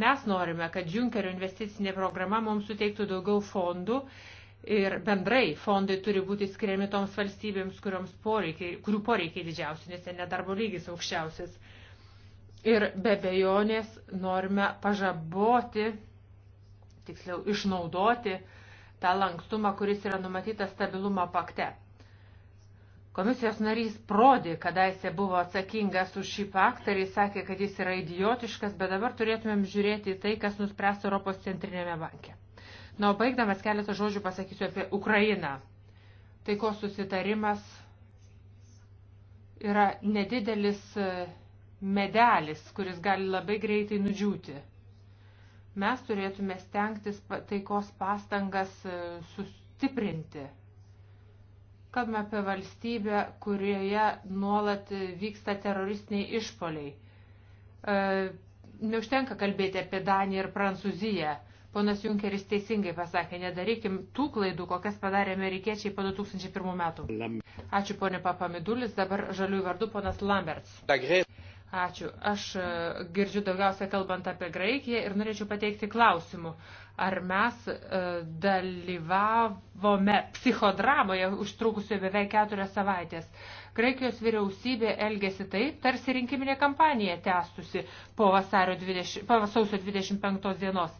S5: Mes norime, kad Junkerio investicinė programa mums suteiktų daugiau fondų ir bendrai fondai turi būti skiriami toms valstybėms, poreikiai, kurių poreikiai didžiausi, nes ten nedarbo lygis aukščiausias. Ir be bejonės norime pažaboti, tiksliau išnaudoti tą lankstumą, kuris yra numatytas stabilumo pakte. Komisijos narys Prodi, kadaise buvo atsakingas už šį faktą ir jis sakė, kad jis yra idiotiškas, bet dabar turėtumėm žiūrėti į tai, kas nuspręs Europos centrinėme banke. Na, o baigdamas keletą žodžių pasakysiu apie Ukrainą. Taikos susitarimas yra nedidelis e, medelis, kuris gali labai greitai nudžiūti. Mes turėtume stengtis taikos pastangas e, sustiprinti Kalbame apie valstybę, kurioje nuolat vyksta teroristiniai išpoliai. E, neužtenka kalbėti apie Daniją ir Prancūziją. Ponas Junkeris teisingai pasakė, nedarykim tų klaidų, kokias padarė amerikiečiai po 2001 metų. Ačiū ponė Papamidulis, dabar žaliųjų vardu ponas Lamberts. Ačiū. Aš e, girdžiu daugiausia kalbant apie Graikiją ir norėčiau pateikti klausimų. Ar mes e, dalyvavome psichodramoje užtrukusioje beveik keturias savaitės? Graikijos vyriausybė elgėsi taip, tarsi rinkiminė kampanija tęstusi po, 20, po sausio 25 dienos.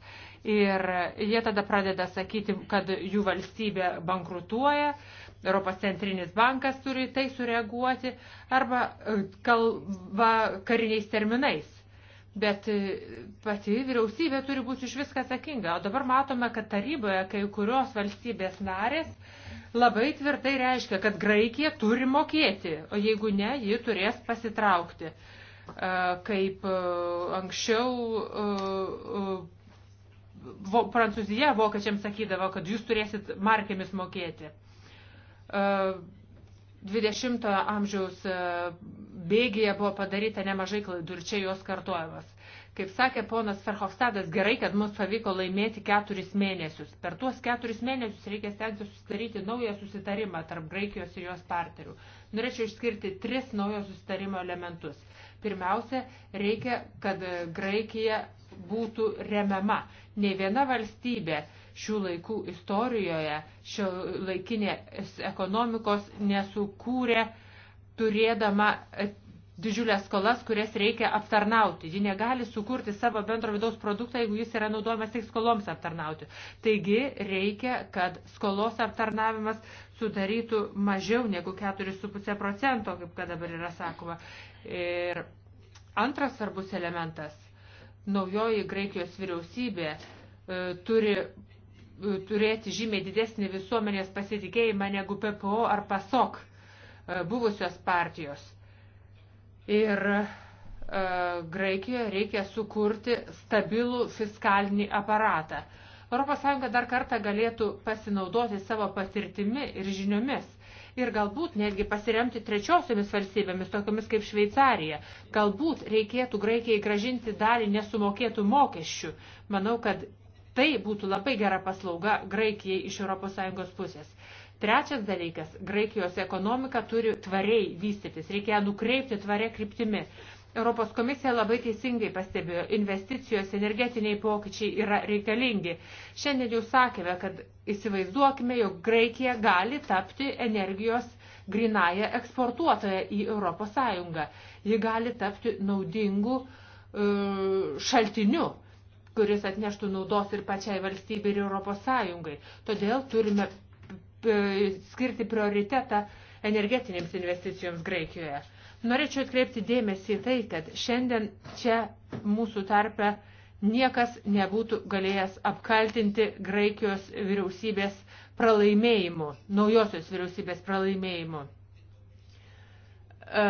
S5: Ir jie tada pradeda sakyti, kad jų valstybė bankrutuoja, Europos centrinis bankas turi tai sureaguoti arba e, kalba kariniais terminais. Bet e, pati vyriausybė turi būti iš viską atsakinga. O dabar matome, kad taryboje kai kurios valstybės narės labai tvirtai reiškia, kad Graikija turi mokėti, o jeigu ne, ji turės pasitraukti. E, kaip anksčiau Prancūzija vokiečiams sakydavo, kad jūs turėsit markėmis mokėti. 20 amžiaus e, bėgėje buvo padaryta nemažai klaidų ir čia jos kartojamas. Kaip sakė ponas Ferhofstadas, gerai, kad mums pavyko laimėti keturis mėnesius. Per tuos keturis mėnesius reikia stengtis susidaryti naują susitarimą tarp Graikijos ir jos partnerių. Norėčiau išskirti tris naujo susitarimo elementus. Pirmiausia, reikia, kad Graikija būtų remiama. Ne viena valstybė šių laikų istorijoje šio laikinės ekonomikos nesukūrė turėdama e, didžiulės skolas, kurias reikia aptarnauti. Ji negali sukurti savo bendro vidaus produktą, jeigu jis yra naudojamas tik skoloms aptarnauti. Taigi reikia, kad skolos aptarnavimas sudarytų mažiau negu 4,5 procento, kaip kad dabar yra sakoma. Ir antras svarbus elementas. Naujoji Graikijos vyriausybė e, turi E, turėti žymiai didesnį visuomenės pasitikėjimą negu PPO ar PASOK e, buvusios partijos. Ir e, Graikijoje reikia sukurti stabilų fiskalinį aparatą. ES dar kartą galėtų pasinaudoti savo patirtimi ir žiniomis ir galbūt netgi pasiremti trečiosiomis valstybėmis, tokiamis kaip Šveicarija. Galbūt reikėtų Graikijai gražinti dalį nesumokėtų mokesčių. Manau, kad Tai būtų labai gera paslauga Graikijai iš ES pusės. Trečias dalykas – Graikijos ekonomika turi tvariai vystytis, reikia nukreipti tvarę kryptimi. Europos komisija labai teisingai pastebėjo, investicijos energetiniai pokyčiai yra reikalingi. Šiandien jau sakėme, kad įsivaizduokime, jog Graikija gali tapti energijos grinaja eksportuotoja į Europos Sąjungą. Ji gali tapti naudingų e, šaltiniu. Uh, kuris atneštų naudos ir pačiai valstybei, ir Europos Sąjungai. Todėl turime skirti prioritetą energetinėms investicijoms Graikijoje. Norėčiau atkreipti dėmesį į tai, kad šiandien čia mūsų tarpe niekas nebūtų galėjęs apkaltinti Graikijos vyriausybės pralaimėjimu, naujosios vyriausybės pralaimėjimu. E,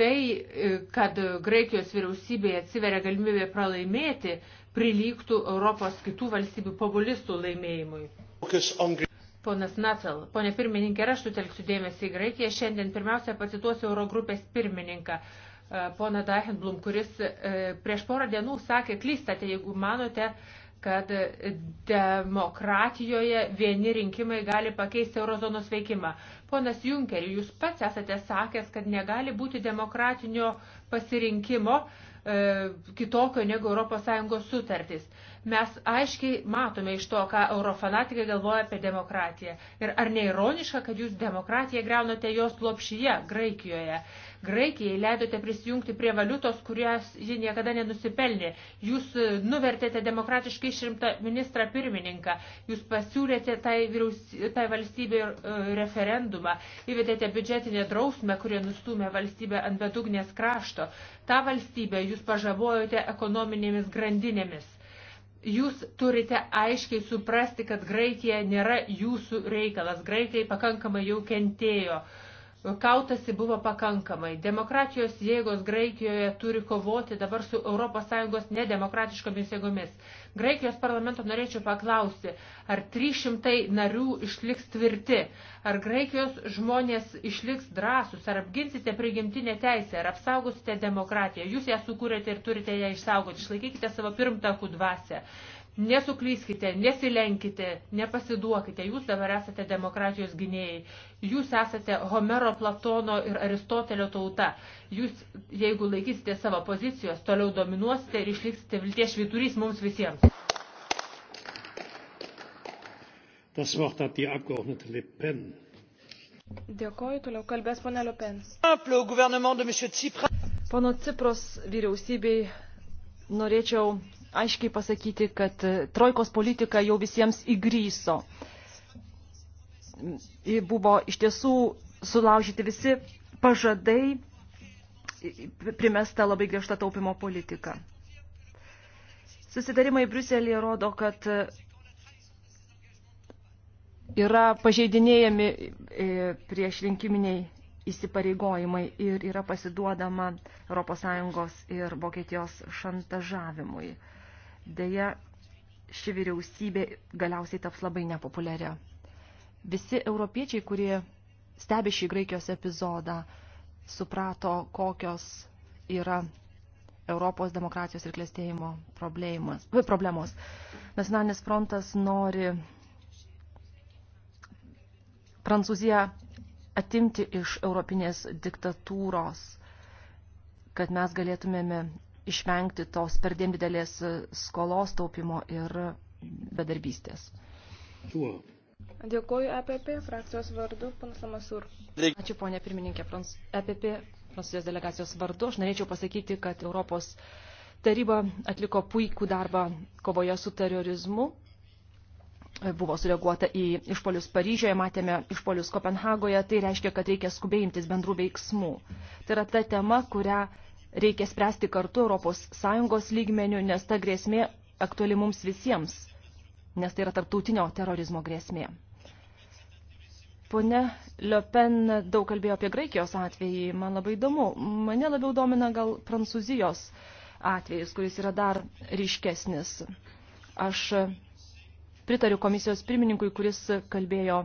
S5: tai, e, kad Graikijos vyriausybėje atsiveria galimybė pralaimėti, prilygtų Europos kitų valstybių populistų laimėjimui. Ponas Natal, ponė pirmininkė, aš sutelksiu dėmesį į Graikiją. Šiandien pirmiausia pacituosiu Eurogrupės pirmininką, e, poną Dahenblum, kuris e, prieš porą dienų sakė, klystate, jeigu manote, kad demokratijoje vieni rinkimai gali pakeisti eurozonos veikimą. Ponas Junkeri, jūs pats esate sakęs, kad negali būti demokratinio pasirinkimo e, kitokio negu ES sutartys. Mes aiškiai matome iš to, ką eurofanatikai galvoja apie demokratiją. Ir ar neironiška, kad jūs demokratiją greunate jos lopšyje, Graikijoje? Graikijai leidote prisijungti prie valiutos, kurias ji niekada nenusipelnė. Jūs e, nuvertėte demokratiškai išrimtą ministrą pirmininką. Jūs pasiūlėte tai, vyriaus, tai valstybė e, referendumą visumą, įvedėte biudžetinę drausmę, kurie nustumė valstybę ant bedugnės krašto. Ta valstybė jūs pažabojote ekonominėmis grandinėmis. Jūs turite aiškiai suprasti, kad Graikija nėra jūsų reikalas. Graikai pakankamai jau kentėjo. Uh, kautasi buvo pakankamai. Demokratijos jėgos Graikijoje turi kovoti dabar su ES nedemokratiškomis jėgomis. Graikijos parlamento norėčiau paklausti, ar 300 narių išliks tvirti, ar Graikijos žmonės išliks drąsus, ar apginsite prigimtinę teisę, ar apsaugosite demokratiją. Jūs ją sukūrėte ir turite ją išsaugoti. Išlaikykite savo pirmtakų dvasę. Nesuklyskite, nesilenkite, nepasiduokite. Jūs dabar esate demokratijos gynėjai. Jūs esate Homero, Platono ir Aristotelio tauta. Jūs, jeigu laikysite savo pozicijos, toliau dominuosite ir išliksite vilties švyturys mums visiems.
S1: Das Wort hat die Abgeordnete Le Pen.
S6: Dėkoju, toliau kalbės ponė Le Pen.
S4: Pono Cipros vyriausybei norėčiau aiškiai pasakyti, kad e, trojkos politika jau visiems įgryso. Buvo iš tiesų sulaužyti visi pažadai, primesta labai griežta taupimo politika. Susidarimai Briuselėje rodo, kad e, yra pažeidinėjami e, prieš rinkiminiai įsipareigojimai ir yra pasiduodama ES ir Vokietijos šantažavimui. Deja, ši vyriausybė galiausiai taps labai nepopuliaria. Visi europiečiai, kurie stebi šį Graikijos epizodą, suprato, kokios yra Europos demokratijos ir klėstėjimo problemos. Nacionalinis frontas nori Prancūziją atimti iš europinės diktatūros, kad mes galėtumėme išvengti tos perdėm didelės skolos taupimo ir bedarbystės. Tuo.
S6: Dėkuoju EPP frakcijos vardu, panas Lamasur. Ačiū,
S4: ponė pirmininkė, Prans... EPP prancūzijos delegacijos vardu. Aš norėčiau pasakyti, kad Europos taryba atliko puikų darbą kovoje su terorizmu. Buvo sureaguota į išpolius Paryžioje, matėme išpolius Kopenhagoje. Tai reiškia, kad reikia skubiai imtis bendrų veiksmų. Tai yra ta tema, kurią reikia spręsti kartu ES lygmenių, nes ta grėsmė aktuali mums visiems, nes tai yra tarptautinio terorizmo grėsmė. Pone Le Pen daug kalbėjo apie Graikijos atvejį, man labai įdomu. Mane labiau domina gal Prancūzijos atvejis, kuris yra dar ryškesnis. Aš pritariu komisijos pirmininkui, kuris kalbėjo,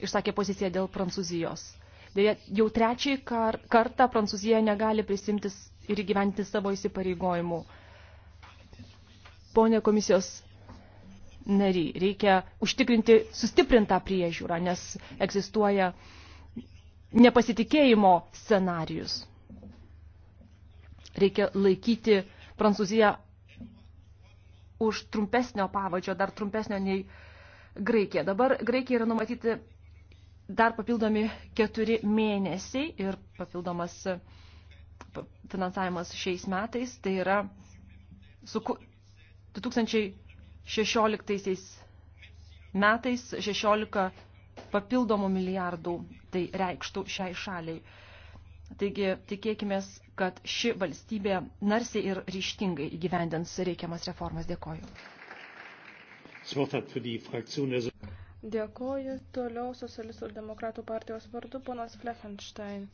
S4: išsakė poziciją dėl Prancūzijos. Dėja, jau trečiai kar kartą Prancūzija negali prisimtis ir įgyventi savo įsipareigojimų. Pone komisijos nariai, reikia užtikrinti sustiprintą priežiūrą, nes egzistuoja nepasitikėjimo scenarius. Reikia laikyti Prancūziją už trumpesnio pavadžio, dar trumpesnio nei Graikija. Dabar Graikija yra numatyti dar papildomi keturi mėnesiai ir papildomas e, finansavimas šiais metais, tai yra su 2016 metais 16 papildomų milijardų tai reikštų šiai šaliai. Taigi tikėkime, kad ši valstybė narsiai ir ryštingai įgyvendins reikiamas reformas. Dėkoju.
S6: Dėkoju toliau Socialistų ir Demokratų partijos vardu, ponas Flechenstein.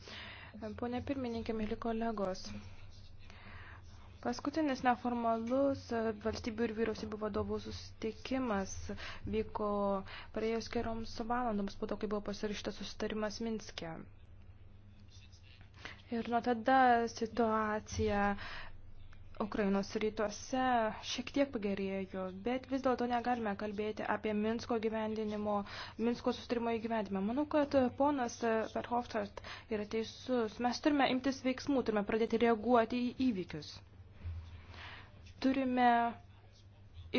S6: Pone pirmininkė, mėly kolegos. Paskutinis neformalus valstybių ir vyriausybių vadovų susitikimas vyko praėjus kelioms valandoms po to, kai buvo pasirašytas susitarimas Minske. Ir nuo tada situacija Ukrainos rytuose šiek tiek pagerėjo, bet vis dėlto negalime kalbėti apie Minsko gyvendinimo, Minsko sustarimo įgyvendimą. Manau, kad ponas Verhofstadt yra teisus. Mes turime imtis veiksmų, turime pradėti reaguoti į įvykius. Turime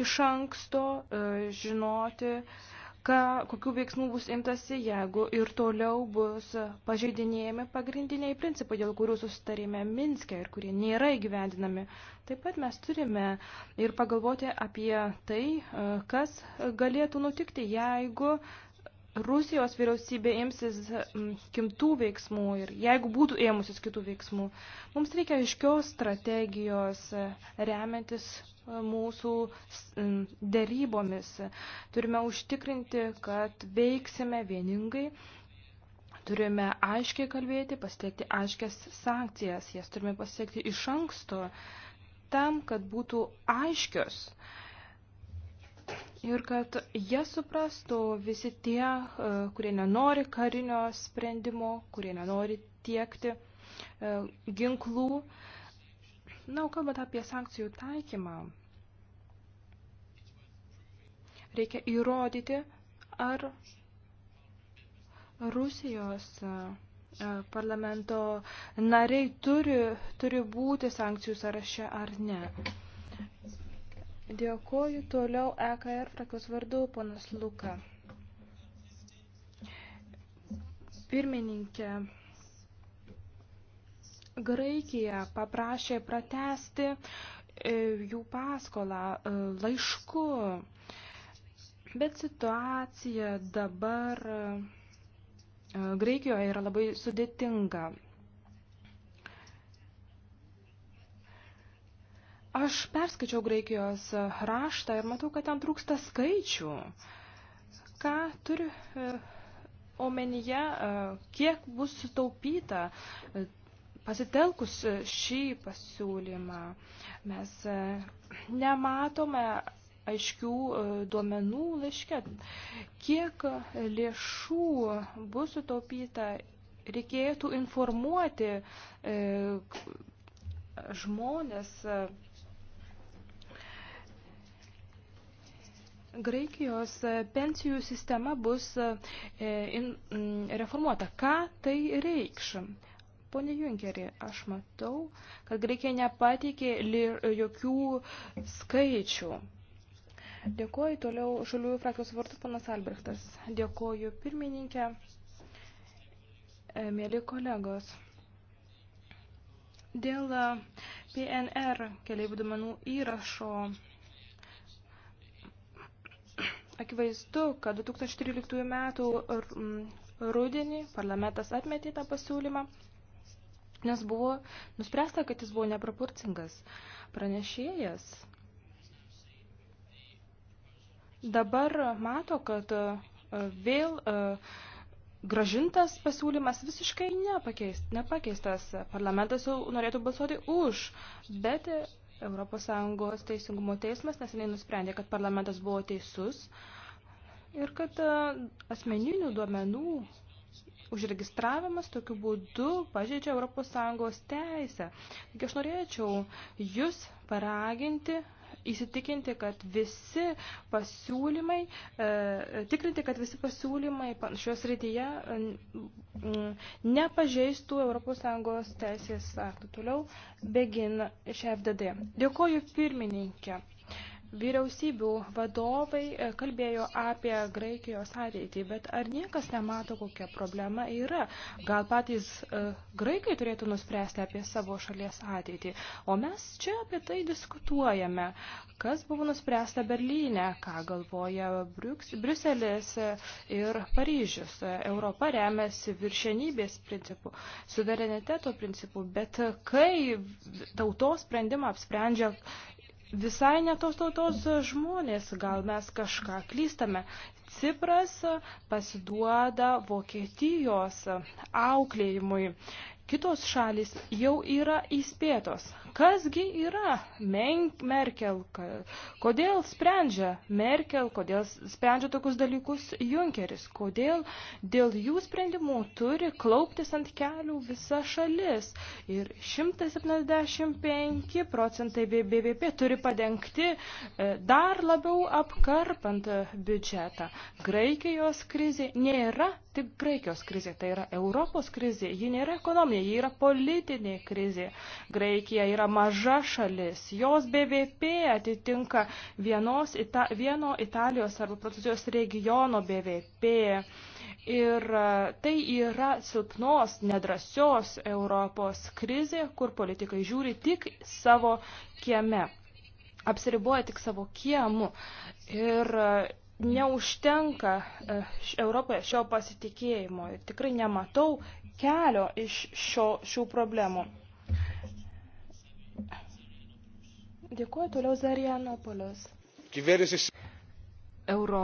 S6: iš anksto e, žinoti, uh, ką, kokių veiksmų bus imtasi, jeigu ir toliau bus pažeidinėjami pagrindiniai principai, dėl kurių susitarėme Minske ir kurie nėra įgyvendinami. Taip pat mes turime ir pagalvoti apie tai, e, kas galėtų nutikti, jeigu Rusijos vyriausybė imsis kimtų veiksmų ir jeigu būtų ėmusis kitų veiksmų, mums reikia aiškios strategijos e, remiantis e, mūsų dėrybomis. Turime užtikrinti, kad veiksime vieningai, turime aiškiai kalbėti, pasiekti aiškias sankcijas, jas turime pasiekti iš anksto, tam, kad būtų aiškios uh, ir kad jie suprastų visi tie, e, kurie nenori karinio sprendimo, kurie nenori tiekti e, ginklų. Na, kalbant apie sankcijų taikymą, reikia įrodyti, ar Rusijos e, parlamento nariai turi, turi būti sankcijų sąraše ar ne. Dėkoju toliau EKR frakos vardu, ponas Luka. Pirmininkė, Graikija paprašė pratesti e, jų paskolą e, laišku, bet situacija dabar e, Graikijoje yra labai sudėtinga. Aš perskaičiau Graikijos raštą ir matau, kad ten trūksta skaičių. Ką turi e, omenyje, e, kiek bus sutaupyta e, pasitelkus šį pasiūlymą. Mes nematome aiškių duomenų laiškė, kiek lėšų bus sutaupyta. Reikėtų informuoti žmonės Graikijos e, pensijų sistema bus e, e, reformuota. Ką tai reikš? Pone Junkerį, aš matau, kad Graikija nepateikė jokių skaičių. Dėkuoju toliau žaliųjų frakcijos vartų panas Albrechtas. Dėkuoju pirmininkė, mėly kolegos. Dėl PNR keliaivių duomenų įrašo Akivaizdu, kad 2013 metų mm, rudenį parlamentas atmetė tą pasiūlymą, nes buvo nuspręsta, kad jis buvo neproporcingas. Pranešėjas dabar mato, kad e, vėl e, gražintas pasiūlymas visiškai nepakeist, nepakeistas. Parlamentas jau norėtų balsuoti už, bet e, ES teisingumo teismas neseniai nusprendė, kad parlamentas buvo teisus ir kad e, asmeninių duomenų užregistravimas tokiu būdu pažeidžia ES teisę. Taigi aš norėčiau jūs paraginti įsitikinti, kad visi pasiūlymai, e, tikrinti, kad visi pasiūlymai šios rytyje nepažeistų ES teisės aktų. Toliau begin iš FDD. Dėkoju pirmininkė. Vyriausybių vadovai e, kalbėjo apie Graikijos ateitį, bet ar niekas nemato, kokia problema yra? Gal patys e, graikai turėtų nuspręsti apie savo šalies ateitį, o mes čia apie tai diskutuojame. Kas buvo nuspręsta Berlyne, ką galvoja Briuks, Briuselis e, ir Paryžius. Europa remiasi viršenybės principų, suvereniteto principų, bet kai tautos sprendimą apsprendžia visai netos tautos žmonės, gal mes kažką klystame. Cipras pasiduoda Vokietijos auklėjimui Kitos šalis jau yra įspėtos. Kasgi yra Men Merkel? Kodėl sprendžia Merkel? Kodėl sprendžia tokius dalykus Junkeris? Kodėl dėl jų sprendimų turi klauptis ant kelių visa šalis? Ir 175 procentai BVP turi padengti e, dar labiau apkarpant biudžetą. Graikijos krizė nėra tik Graikijos krizė, tai yra Europos krizė, ji nėra ekonominė, ji yra politinė krizė. Graikija yra maža šalis, jos BVP atitinka vienos, ita, vieno Italijos arba Prancūzijos regiono BVP. Ir e, tai yra silpnos, nedrasios Europos krizė, kur politikai žiūri tik savo kieme apsiriboja tik savo kiemu. Ir e, neužtenka e, Europoje šio pasitikėjimo ir tikrai nematau kelio iš šio, šių problemų. Dėkuoju toliau Zarianopolius.
S4: Euro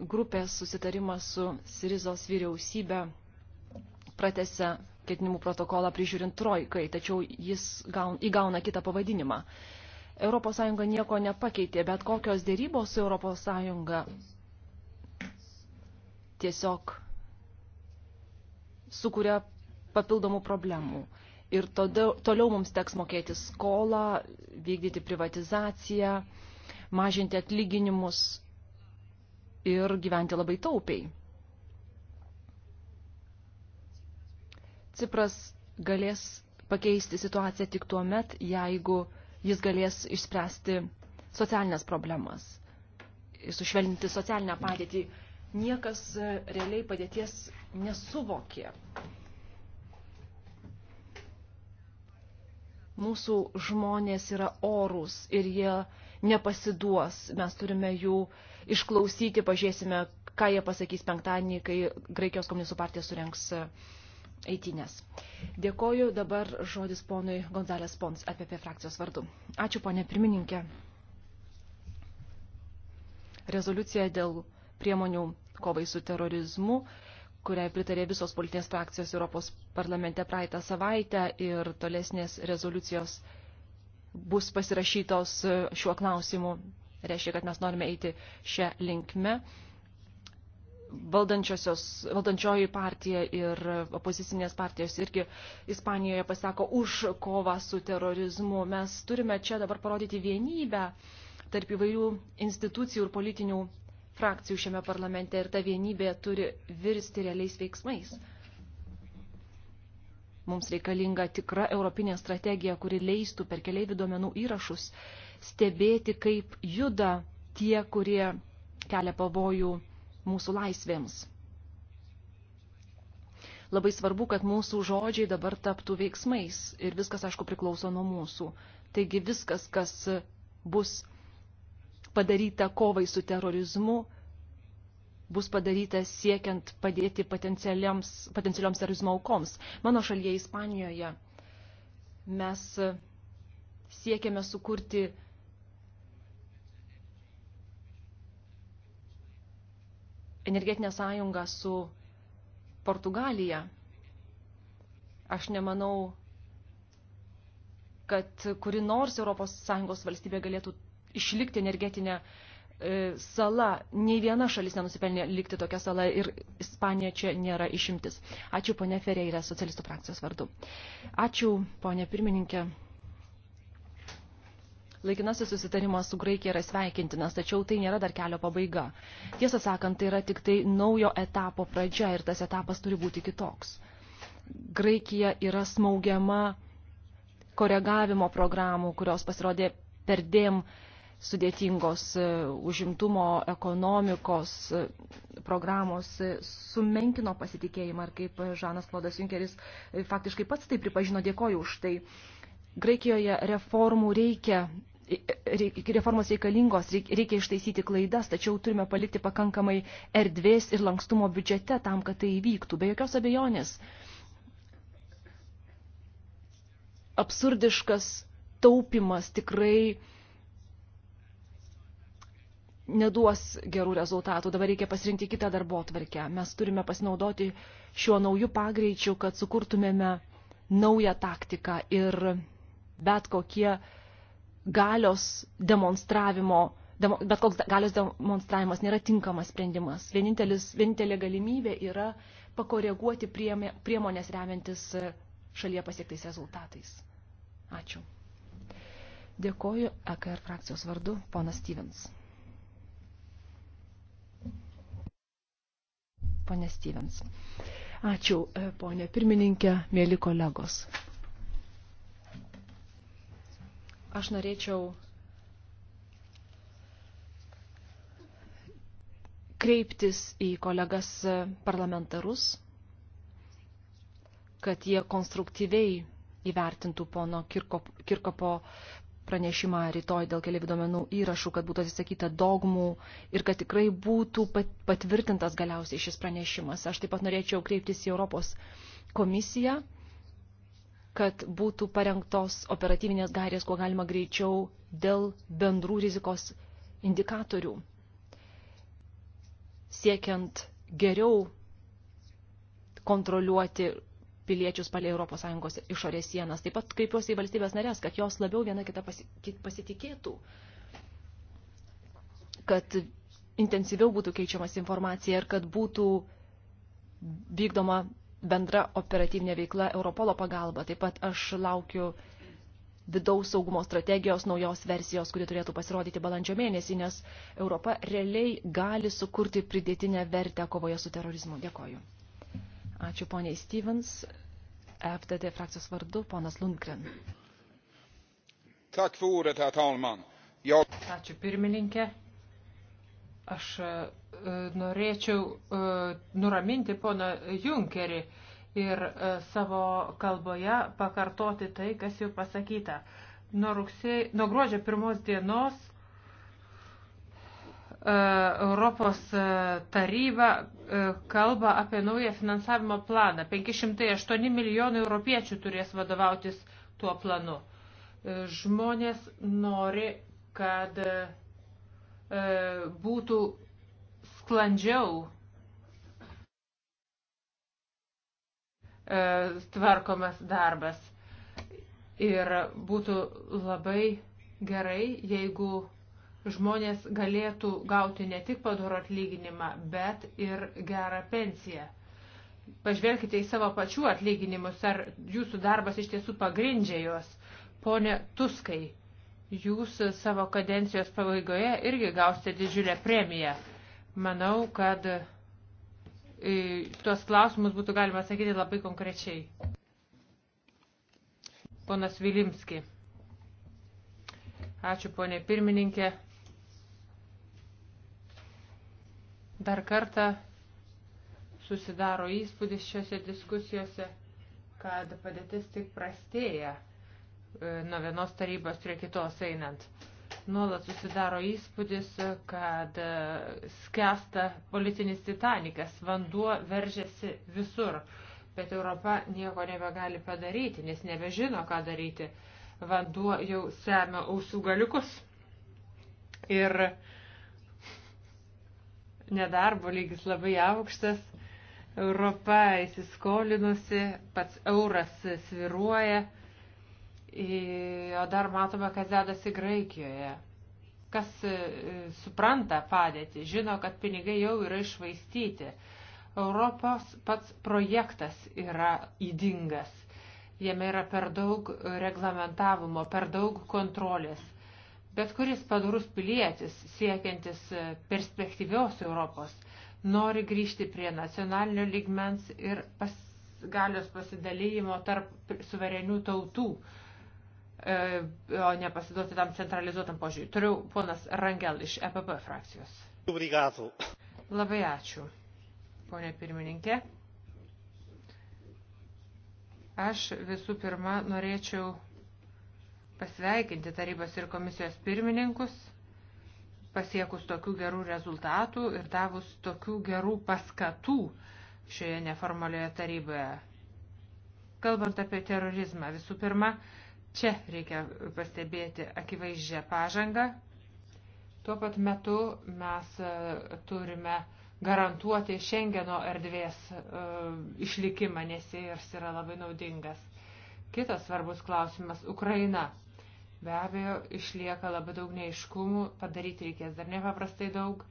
S4: grupės susitarimas su Sirizos vyriausybė pratėse ketinimų protokolą prižiūrint trojkai, tačiau jis gaun, įgauna kitą pavadinimą. ES nieko nepakeitė, bet kokios dėrybos su ES tiesiog sukuria papildomų problemų. Ir todėl, toliau mums teks mokėti skolą, vykdyti privatizaciją, mažinti atlyginimus ir gyventi labai taupiai. Cipras galės pakeisti situaciją tik tuo met, jeigu jis galės išspręsti socialinės problemas ir sušvelninti socialinę padėtį niekas e, realiai padėties nesuvokė. Mūsų žmonės yra orūs ir jie nepasiduos. Mes turime jų išklausyti, pažiūrėsime, ką jie pasakys penktadienį, kai Graikijos komunistų partija surenks e, eitinės. Dėkoju dabar žodis ponui Gonzalės Pons apie frakcijos vardu. Ačiū, ponė pirmininkė. Rezoliucija dėl priemonių kovai su terorizmu, kuriai pritarė visos politinės frakcijos Europos parlamente praeitą savaitę ir tolesnės rezoliucijos bus pasirašytos šiuo klausimu. Reiškia, kad mes norime eiti šią linkmę. Valdančioji partija ir opozicinės partijos irgi Ispanijoje pasako už kovą su terorizmu. Mes turime čia dabar parodyti vienybę tarp įvairių institucijų ir politinių frakcijų šiame parlamente ir ta vienybė turi virsti realiais veiksmais. Mums reikalinga tikra europinė strategija, kuri leistų per keliaivių duomenų įrašus stebėti, kaip juda tie, kurie kelia pavojų mūsų laisvėms. Labai svarbu, kad mūsų žodžiai dabar taptų veiksmais ir viskas, aišku, priklauso nuo mūsų. Taigi viskas, kas bus padaryta kovai su terorizmu, bus padaryta siekiant padėti potencialioms, potencialioms terorizmo aukoms. Mano šalyje Ispanijoje mes siekiame sukurti energetinę sąjungą su Portugalija. Aš nemanau, kad kuri nors ES valstybė galėtų išlikti energetinę e, sala. Nei viena šalis nenusipelnė likti tokia sala ir Ispanija čia nėra išimtis. Ačiū ponė Ferreira, socialistų frakcijos vardu. Ačiū ponė pirmininkė. Laikinasis susitarimas su Graikija yra sveikintinas, tačiau tai nėra dar kelio pabaiga. Tiesą sakant, tai yra tik tai naujo etapo pradžia ir tas etapas turi būti kitoks. Graikija yra smaugiama koregavimo programų, kurios pasirodė perdėm dėm sudėtingos e, užimtumo ekonomikos e, programos e, sumenkino pasitikėjimą ir kaip Žanas Klodas Junkeris faktiškai pats tai pripažino, dėkoju už tai. Graikijoje reformų reikia, reformos reikalingos, reikia ištaisyti klaidas, tačiau turime palikti pakankamai erdvės ir lankstumo biudžete tam, kad tai įvyktų, be jokios abejonės. Absurdiškas taupimas tikrai neduos gerų rezultatų. Dabar reikia pasirinkti kitą darbo tvarkę. Mes turime pasinaudoti šiuo nauju pagreičiu, kad sukurtumėme naują taktiką ir bet kokie galios demonstravimo, bet koks galios demonstravimas nėra tinkamas sprendimas. Vienintelis, vienintelė galimybė yra pakoreguoti priemonės remiantis šalyje pasiektais rezultatais. Ačiū. Dėkoju EKR frakcijos vardu, ponas Stevens. ponė Stevens. Ačiū, e, ponė pirmininkė, mėly kolegos. Aš norėčiau kreiptis į kolegas parlamentarus, kad jie konstruktyviai įvertintų pono Kirkopo, Kirkopo pranešimą rytoj dėl keliaivių duomenų įrašų, kad būtų atsisakyta dogmų ir kad tikrai būtų patvirtintas galiausiai šis pranešimas. Aš taip pat norėčiau kreiptis į Europos komisiją, kad būtų parengtos operatyvinės gairės, kuo galima greičiau dėl bendrų rizikos indikatorių, siekiant geriau kontroliuoti piliečius palei ES išorės sienas. Taip pat kreipiuosi į valstybės narės, kad jos labiau viena kita pasitikėtų, kad intensyviau būtų keičiamas informacija ir kad būtų vykdoma bendra operatyvinė veikla Europolo pagalba. Taip pat aš laukiu vidaus saugumo strategijos naujos versijos, kuri turėtų pasirodyti balandžio mėnesį, nes Europa realiai gali sukurti pridėtinę vertę kovoje su terorizmu. Dėkoju. Ačiū poniai Stevens. E FDD frakcijos vardu ponas
S5: Lundgren. Ačiū pirmininkė. Aš e, norėčiau e, nuraminti poną Junkerį ir savo kalboje pakartoti tai, kas jau pasakyta. Nuo, rugsėj, nuo gruodžio pirmos dienos E, Europos e, taryba e, kalba apie naują finansavimo planą. 508 milijonų europiečių turės vadovautis tuo planu. Žmonės nori, kad būtų sklandžiau tvarkomas darbas. Ir būtų labai gerai, jeigu žmonės galėtų gauti ne tik padorą atlyginimą, bet ir gerą pensiją. Pažvelkite į savo pačių atlyginimus, ar jūsų darbas iš tiesų pagrindžia juos. Pone Tuskai, jūs savo kadencijos pabaigoje irgi gausite didžiulę premiją. Manau, kad e, tuos klausimus būtų galima sakyti labai konkrečiai. Ponas Vilimski. Ačiū, ponė pirmininkė. Dar kartą susidaro įspūdis šiuose diskusijose, kad padėtis tik prastėja e, nuo vienos tarybos prie kitos einant. Nuolat susidaro įspūdis, kad e, skęsta politinis titanikas, vanduo veržiasi visur, bet Europa nieko nebegali padaryti, nes nebežino, ką daryti. Vanduo jau semia ausų galiukus. Ir uh, nedarbo lygis labai aukštas, Europa įsiskolinusi, pats euras sviruoja, o dar matome, kas dedasi Graikijoje. Kas e, supranta padėtį, žino, kad pinigai jau yra išvaistyti. Europos pats projektas yra įdingas. Jame yra per daug reglamentavimo, per daug kontrolės Bet kuris padarus pilietis, siekiantis e, perspektyvios Europos, nori grįžti prie nacionalinio lygmens ir pas, galios pasidalymo tarp suverenių tautų, e, o ne pasiduoti tam centralizuotam požiūriui. Turiu ponas Rangel iš EPP frakcijos. Obrigado. Labai ačiū, ponė pirmininkė. Aš visų pirma norėčiau pasveikinti tarybos ir komisijos pirmininkus, pasiekus tokių gerų rezultatų ir davus tokių gerų paskatų šioje neformalioje taryboje. Kalbant apie terorizmą, visų pirma, čia reikia pastebėti akivaizdžią pažangą. Tuo pat metu mes e, turime garantuoti Šengeno erdvės e, išlikimą, nes jis yra labai naudingas. Kitas svarbus klausimas - Ukraina. Be abejo, išlieka labai daug neiškumų, padaryti reikės dar nepaprastai daug.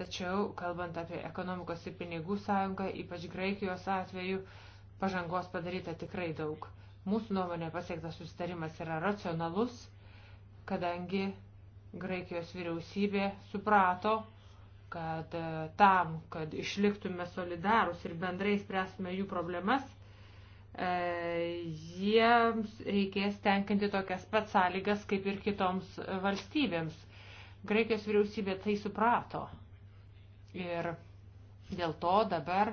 S5: Tačiau, kalbant apie ekonomikos ir pinigų sąjungą, ypač Graikijos atveju, pažangos padaryta tikrai daug. Mūsų nuomonė pasiektas susitarimas yra racionalus, kadangi Graikijos vyriausybė suprato, kad e, tam, kad išliktume solidarus ir bendrai spręsime jų problemas, E, jiems reikės tenkinti tokias pat sąlygas kaip ir kitoms valstybėms. Graikijos vyriausybė tai suprato. Ir dėl to dabar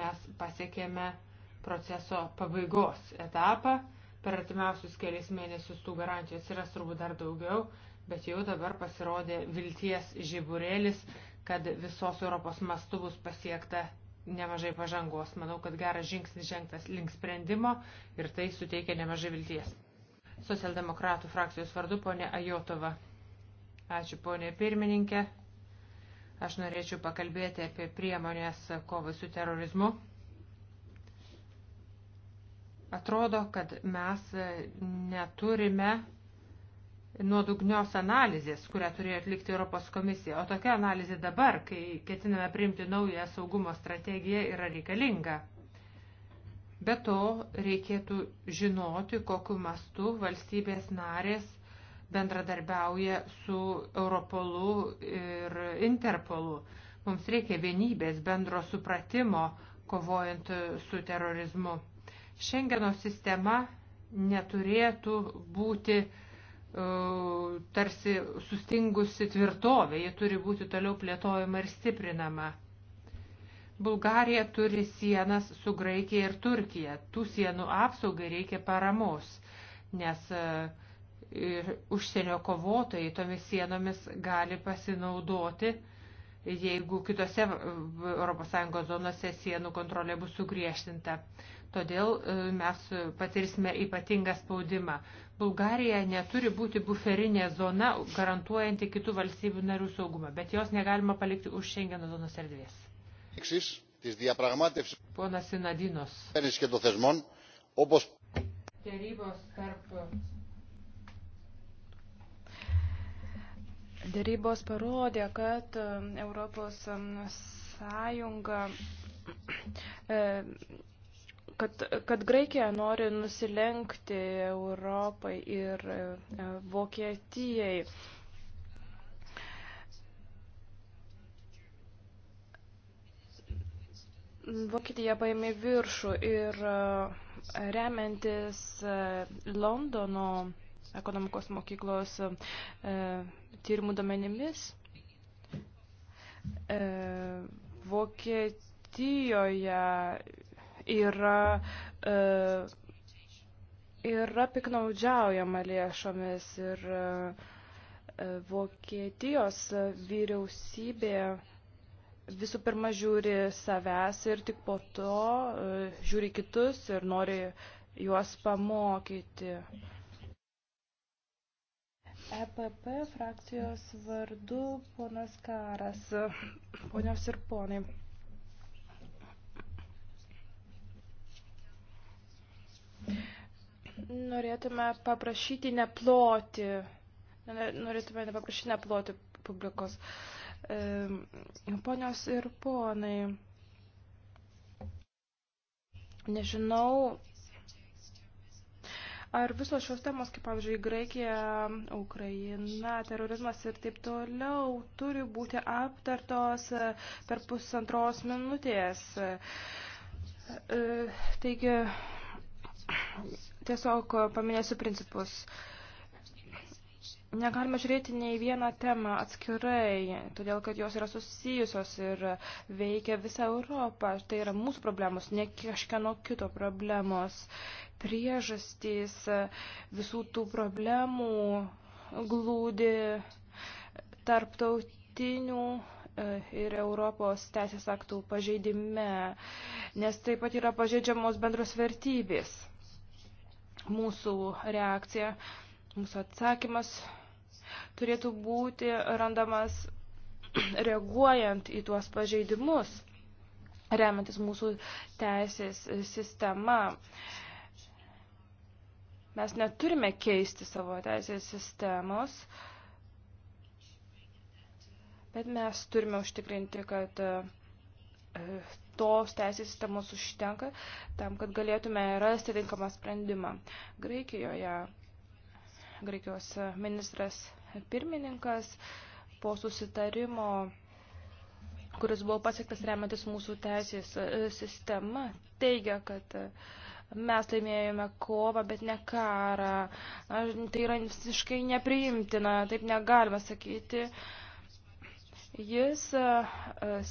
S5: mes pasiekėme proceso pabaigos etapą. Per artimiausius kelias mėnesius tų garantijų atsiras turbūt dar daugiau, bet jau dabar pasirodė vilties žiburėlis, kad visos Europos mastu bus pasiekta nemažai pažangos. Manau, kad geras žingsnis žengtas link sprendimo ir tai suteikia nemažai vilties. Socialdemokratų frakcijos vardu ponė Ajotova. Ačiū ponė pirmininkė. Aš norėčiau pakalbėti apie priemonės kovai su terorizmu. Atrodo, kad mes neturime nuodugnios analizės, kurią turėjo atlikti Europos komisija. O tokia analizė dabar, kai ketiname priimti naują saugumo strategiją, yra reikalinga. Be to, reikėtų žinoti, kokiu mastu valstybės narės bendradarbiauja su Europolu ir Interpolu. Mums reikia vienybės, bendro supratimo, kovojant su terorizmu. Šengeno sistema neturėtų būti uh, E, tarsi sustingusi tvirtovė, ji turi būti toliau plėtojama ir stiprinama. Bulgarija turi sienas su Graikija ir Turkija. Tų sienų apsaugai reikia paramos, nes e, užsienio kovotojai tomis sienomis gali pasinaudoti uh, jeigu kitose ES zonose sienų kontrolė bus sugriežtinta. Todėl e, mes patirsime ypatingą spaudimą. Bulgarija neturi būti buferinė zona, garantuojanti kitų valstybių narių saugumą, bet jos negalima palikti už Schengeno zonos erdvės. Ponas Sinadinos. Tarybos
S6: tarp Dėrybos parodė, kad um, Europos um, sąjunga, e, kad, kad Graikija nori nusilenkti Europai ir e, Vokietijai. Vokietija paėmė viršų ir e, remiantis Londono ekonomikos mokyklos tyrimų domenimis e, Vokietijoje yra e, yra piknaudžiaujama lėšomis ir e, Vokietijos vyriausybė visų pirma žiūri savęs ir tik po to e, žiūri kitus ir nori juos pamokyti. EPP frakcijos vardu ponas Karas. Ponios ir ponai. Norėtume paprašyti neploti. Norėtume paprašyti neploti publikos. Ponios ir ponai. Nežinau, Ar visos šios temos, kaip pavyzdžiui, Graikija, Ukraina, terorizmas ir taip toliau, turi būti aptartos e, per pusantros minutės. E, e, taigi, tiesiog paminėsiu principus. Negalime žiūrėti nei vieną temą atskirai, todėl kad jos yra susijusios ir veikia visą Europą. Tai yra mūsų problemos, ne kažkieno kito problemos. Priežastys visų tų problemų glūdi tarptautinių e, ir Europos teisės aktų pažeidime, nes taip pat yra pažeidžiamos bendros vertybės. Mūsų reakcija, mūsų atsakymas turėtų būti randamas reaguojant į tuos pažeidimus, remiantis mūsų teisės sistema. Mes neturime keisti savo teisės sistemos, bet mes turime užtikrinti, kad e, tos teisės sistemos užtenka tam, kad galėtume rasti tinkamą sprendimą. Graikijoje, Graikijos ministras pirmininkas po susitarimo kuris buvo pasiektas remiantis mūsų teisės e, sistema, teigia, kad e, mes laimėjome kovą, bet ne karą. Tai yra visiškai nepriimtina, taip negalima sakyti. Jis e,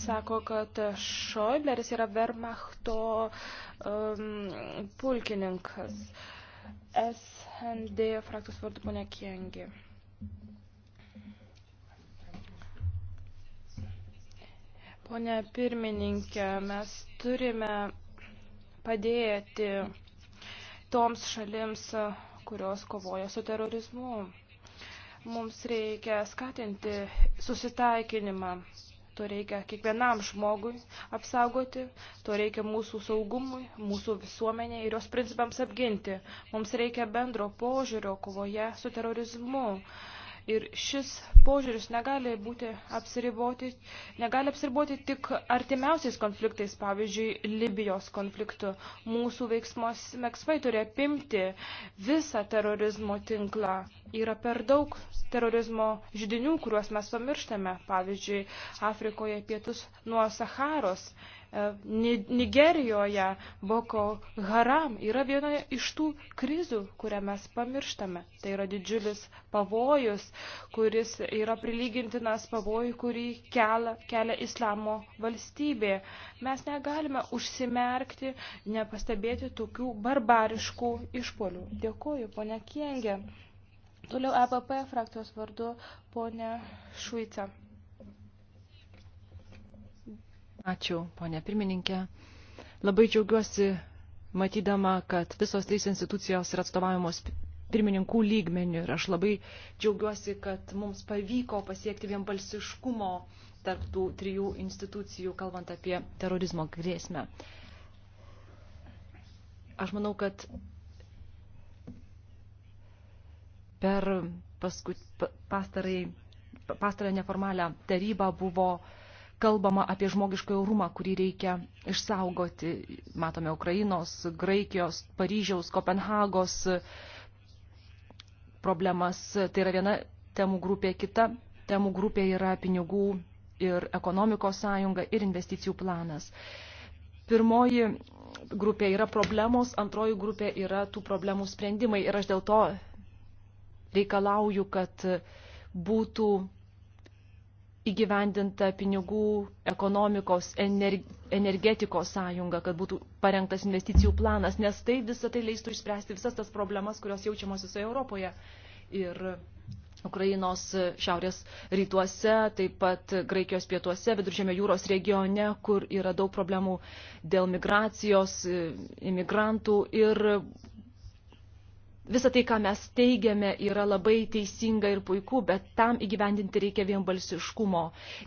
S6: sako, kad Šoibleris yra Wehrmachto um, pulkininkas. SND frakcijos vardu ponia Kiengi. Pone pirmininkė, mes turime padėti toms šalims, kurios kovoja su terorizmu. Mums reikia skatinti susitaikinimą. To reikia kiekvienam žmogui apsaugoti, to reikia mūsų saugumui, mūsų visuomenė ir jos principams apginti. Mums reikia bendro požiūrio kovoje su terorizmu. Ir šis požiūris negali būti apsiriboti, negali apsiriboti tik artimiausiais konfliktais, pavyzdžiui, Libijos konfliktu. Mūsų veiksmos meksvai turi apimti visą terorizmo tinklą yra per daug terorizmo žydinių, kuriuos mes pamirštame. Pavyzdžiui, Afrikoje pietus nuo Saharos, e, Nigerijoje Boko Haram yra viena iš tų krizių, kurią mes pamirštame. Tai yra didžiulis pavojus, kuris yra prilygintinas pavojui, kurį kelia, kelia islamo valstybė. Mes negalime užsimerkti, nepastebėti tokių barbariškų išpolių. Dėkuoju, ponia Kiengė. Toliau EPP frakcijos vardu ponė Šuica.
S4: Ačiū, ponė pirmininkė. Labai džiaugiuosi matydama, kad visos trys institucijos yra atstovavimus pirmininkų lygmenių ir aš labai džiaugiuosi, kad mums pavyko pasiekti vienbalsiškumo tarp tų trijų institucijų, kalbant apie terorizmo grėsmę. Aš manau, kad per paskut, pastarai, pastarą neformalią tarybą buvo kalbama apie žmogišką jaurumą, kurį reikia išsaugoti. Matome Ukrainos, Graikijos, Paryžiaus, Kopenhagos problemas. Tai yra viena temų grupė, kita temų grupė yra pinigų ir ekonomikos sąjunga ir investicijų planas. Pirmoji grupė yra problemos, antroji grupė yra tų problemų sprendimai ir aš dėl to reikalauju, kad būtų įgyvendinta pinigų ekonomikos energetikos sąjunga, kad būtų parengtas investicijų planas, nes tai visą tai leistų išspręsti visas tas problemas, kurios jaučiamos visoje Europoje. Ir Ukrainos šiaurės rytuose, taip pat Graikijos pietuose, Viduržėmio jūros regione, kur yra daug problemų dėl migracijos, imigrantų ir Visą tai, ką mes teigiame, yra labai teisinga ir puiku, bet tam įgyvendinti reikia vienbalsiškumo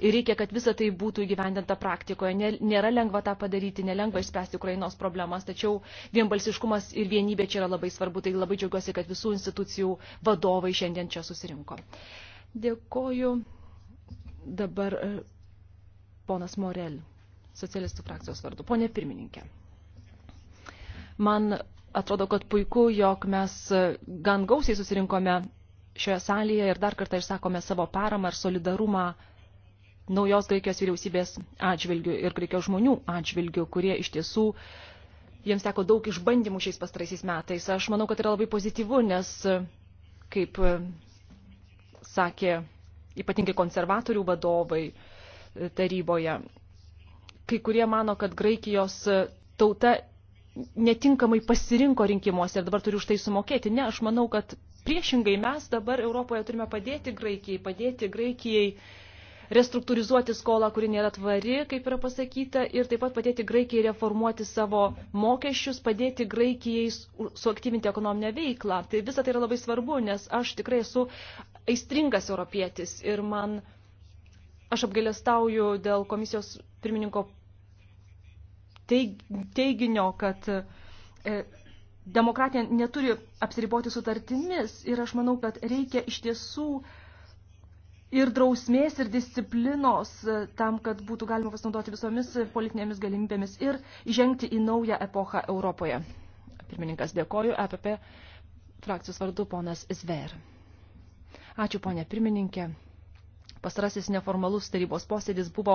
S4: ir reikia, kad visą tai būtų įgyvendinta praktikoje. Nėra lengva tą padaryti, nelengva išspręsti Ukrainos problemas, tačiau vienbalsiškumas ir vienybė čia yra labai svarbu, tai labai džiaugiuosi, kad visų institucijų vadovai šiandien čia susirinko. Dėkoju dabar e, ponas Morel, socialistų frakcijos vardu. Pone pirmininkė, man Atrodo, kad puiku, jog mes e, gan gausiai susirinkome šioje salėje ir dar kartą išsakome savo paramą ir solidarumą naujos Graikijos vyriausybės atžvilgių ir Graikijos žmonių atžvilgių, kurie iš tiesų jiems teko daug išbandymų šiais pastaraisiais metais. Aš manau, kad yra labai pozityvu, nes, e, kaip e, sakė ypatingai konservatorių vadovai taryboje, kai kurie mano, kad Graikijos tauta netinkamai pasirinko rinkimuose ir dabar turi už tai sumokėti. Ne, aš manau, kad priešingai mes dabar Europoje turime padėti Graikijai, padėti Graikijai restruktūrizuoti skolą, kuri nėra tvari, kaip yra pasakyta, ir taip pat padėti Graikijai reformuoti savo mokesčius, padėti Graikijai suaktyvinti ekonominę veiklą. Tai visą tai yra labai svarbu, nes aš tikrai esu aistringas europietis ir man aš apgailestauju dėl komisijos pirmininko teiginio, kad e, demokratija neturi apsiriboti sutartimis ir aš manau, kad reikia iš tiesų ir drausmės, ir disciplinos e, tam, kad būtų galima pasinaudoti visomis politinėmis galimybėmis ir žengti į naują epochą Europoje. Pirmininkas dėkoju, EPP frakcijos vardu ponas Zver. Ačiū, ponė pirmininkė. Pastarasis neformalus tarybos posėdis buvo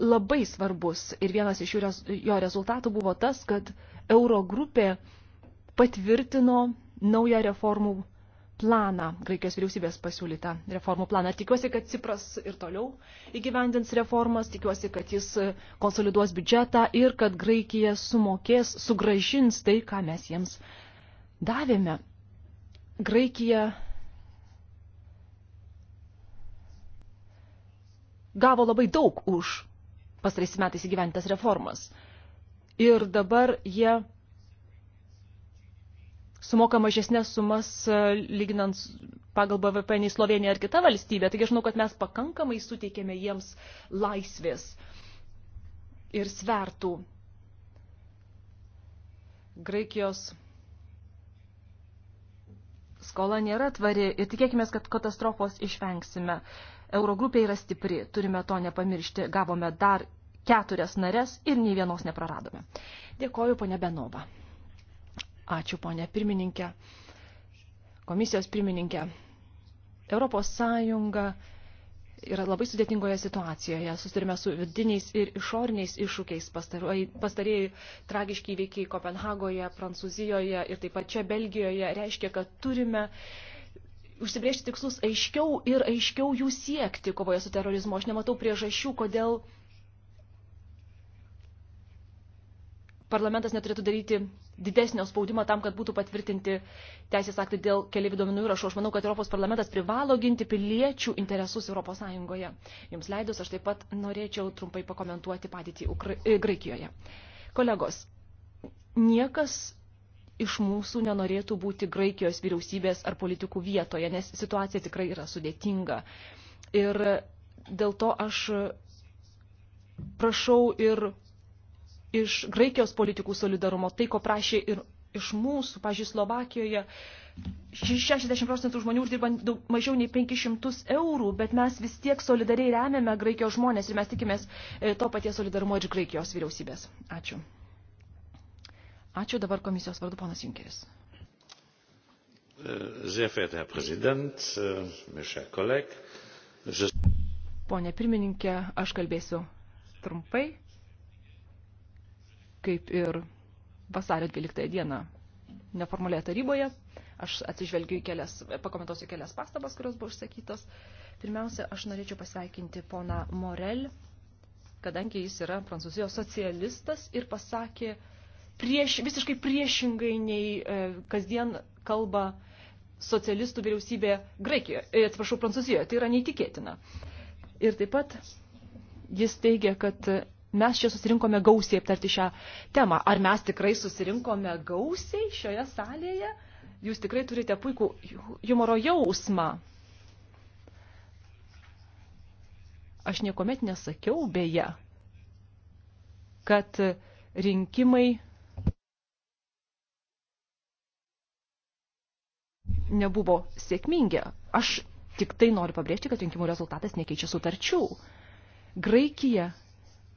S4: labai svarbus ir vienas iš jo rezultatų buvo tas, kad Eurogrupė patvirtino naują reformų planą, Graikijos vyriausybės pasiūlytą reformų planą. Tikiuosi, kad Cipras ir toliau įgyvendins reformas, tikiuosi, kad jis konsoliduos biudžetą ir kad Graikija sumokės, sugražins tai, ką mes jiems davėme. Graikija gavo labai daug už pastarais metais įgyventas reformas. Ir dabar jie sumoka mažesnės sumas e, lyginant pagal BVP nei Slovenija ar kita valstybė. Taigi aš žinau, kad mes pakankamai suteikėme jiems laisvės ir svertų. Graikijos skola nėra tvari ir tikėkime, kad katastrofos išvengsime. Uh, Eurogrupė yra stipri, turime to nepamiršti, gavome dar keturias nares ir nei vienos nepraradome. Dėkoju, ponė Benova. Ačiū, ponė pirmininkė, komisijos pirmininkė. Europos Sąjunga yra labai sudėtingoje situacijoje. Susidurime su vidiniais ir išoriniais iššūkiais. Pastarėjai tragiški įveikiai Kopenhagoje, Prancūzijoje ir taip pat čia Belgijoje reiškia, kad turime uh, užsibriežti tikslus aiškiau ir aiškiau jų siekti kovoje su terorizmu. Aš nematau priežasčių, kodėl parlamentas neturėtų daryti didesnio spaudimo tam, kad būtų patvirtinti teisės aktai dėl keliaivių duomenų įrašų. Aš manau, kad Europos parlamentas privalo ginti piliečių interesus Europos Sąjungoje. Jums leidus, aš taip pat norėčiau trumpai pakomentuoti padėtį Ukra e, Graikijoje. Kolegos, niekas iš mūsų nenorėtų būti Graikijos vyriausybės ar politikų vietoje, nes situacija tikrai yra sudėtinga. Ir dėl to aš prašau ir iš Graikijos politikų solidarumo, tai ko prašė ir iš mūsų, pažiūrėjau, Slovakijoje 60 procentų žmonių uždirba mažiau nei 500 eurų, bet mes vis tiek solidariai remiame Graikijos žmonės ir mes tikimės e, to paties solidarumo ir Graikijos vyriausybės. Ačiū. Ačiū dabar komisijos vardu, ponas Junkeris.
S1: E, e,
S4: Pone pirmininkė, aš kalbėsiu trumpai, kaip ir vasario 12 dieną neformalioje taryboje. Aš atsižvelgiu į kelias, pakomentuosiu kelias pastabas, kurios buvo išsakytos. Pirmiausia, aš norėčiau pasveikinti poną Morel, kadangi jis yra prancūzijos socialistas ir pasakė, prieš, visiškai priešingai nei e, kasdien kalba socialistų vyriausybė Graikijoje, e, atsiprašau, Prancūzijoje. Tai yra neįtikėtina. Ir taip pat jis teigia, kad mes čia susirinkome gausiai aptarti šią temą. Ar mes tikrai susirinkome gausiai šioje salėje? Jūs tikrai turite puikų humoro jausmą. Aš niekuomet nesakiau beje, kad rinkimai nebuvo sėkmingi. Aš tik tai noriu pabrėžti, kad rinkimų rezultatas nekeičia sutarčių. Graikija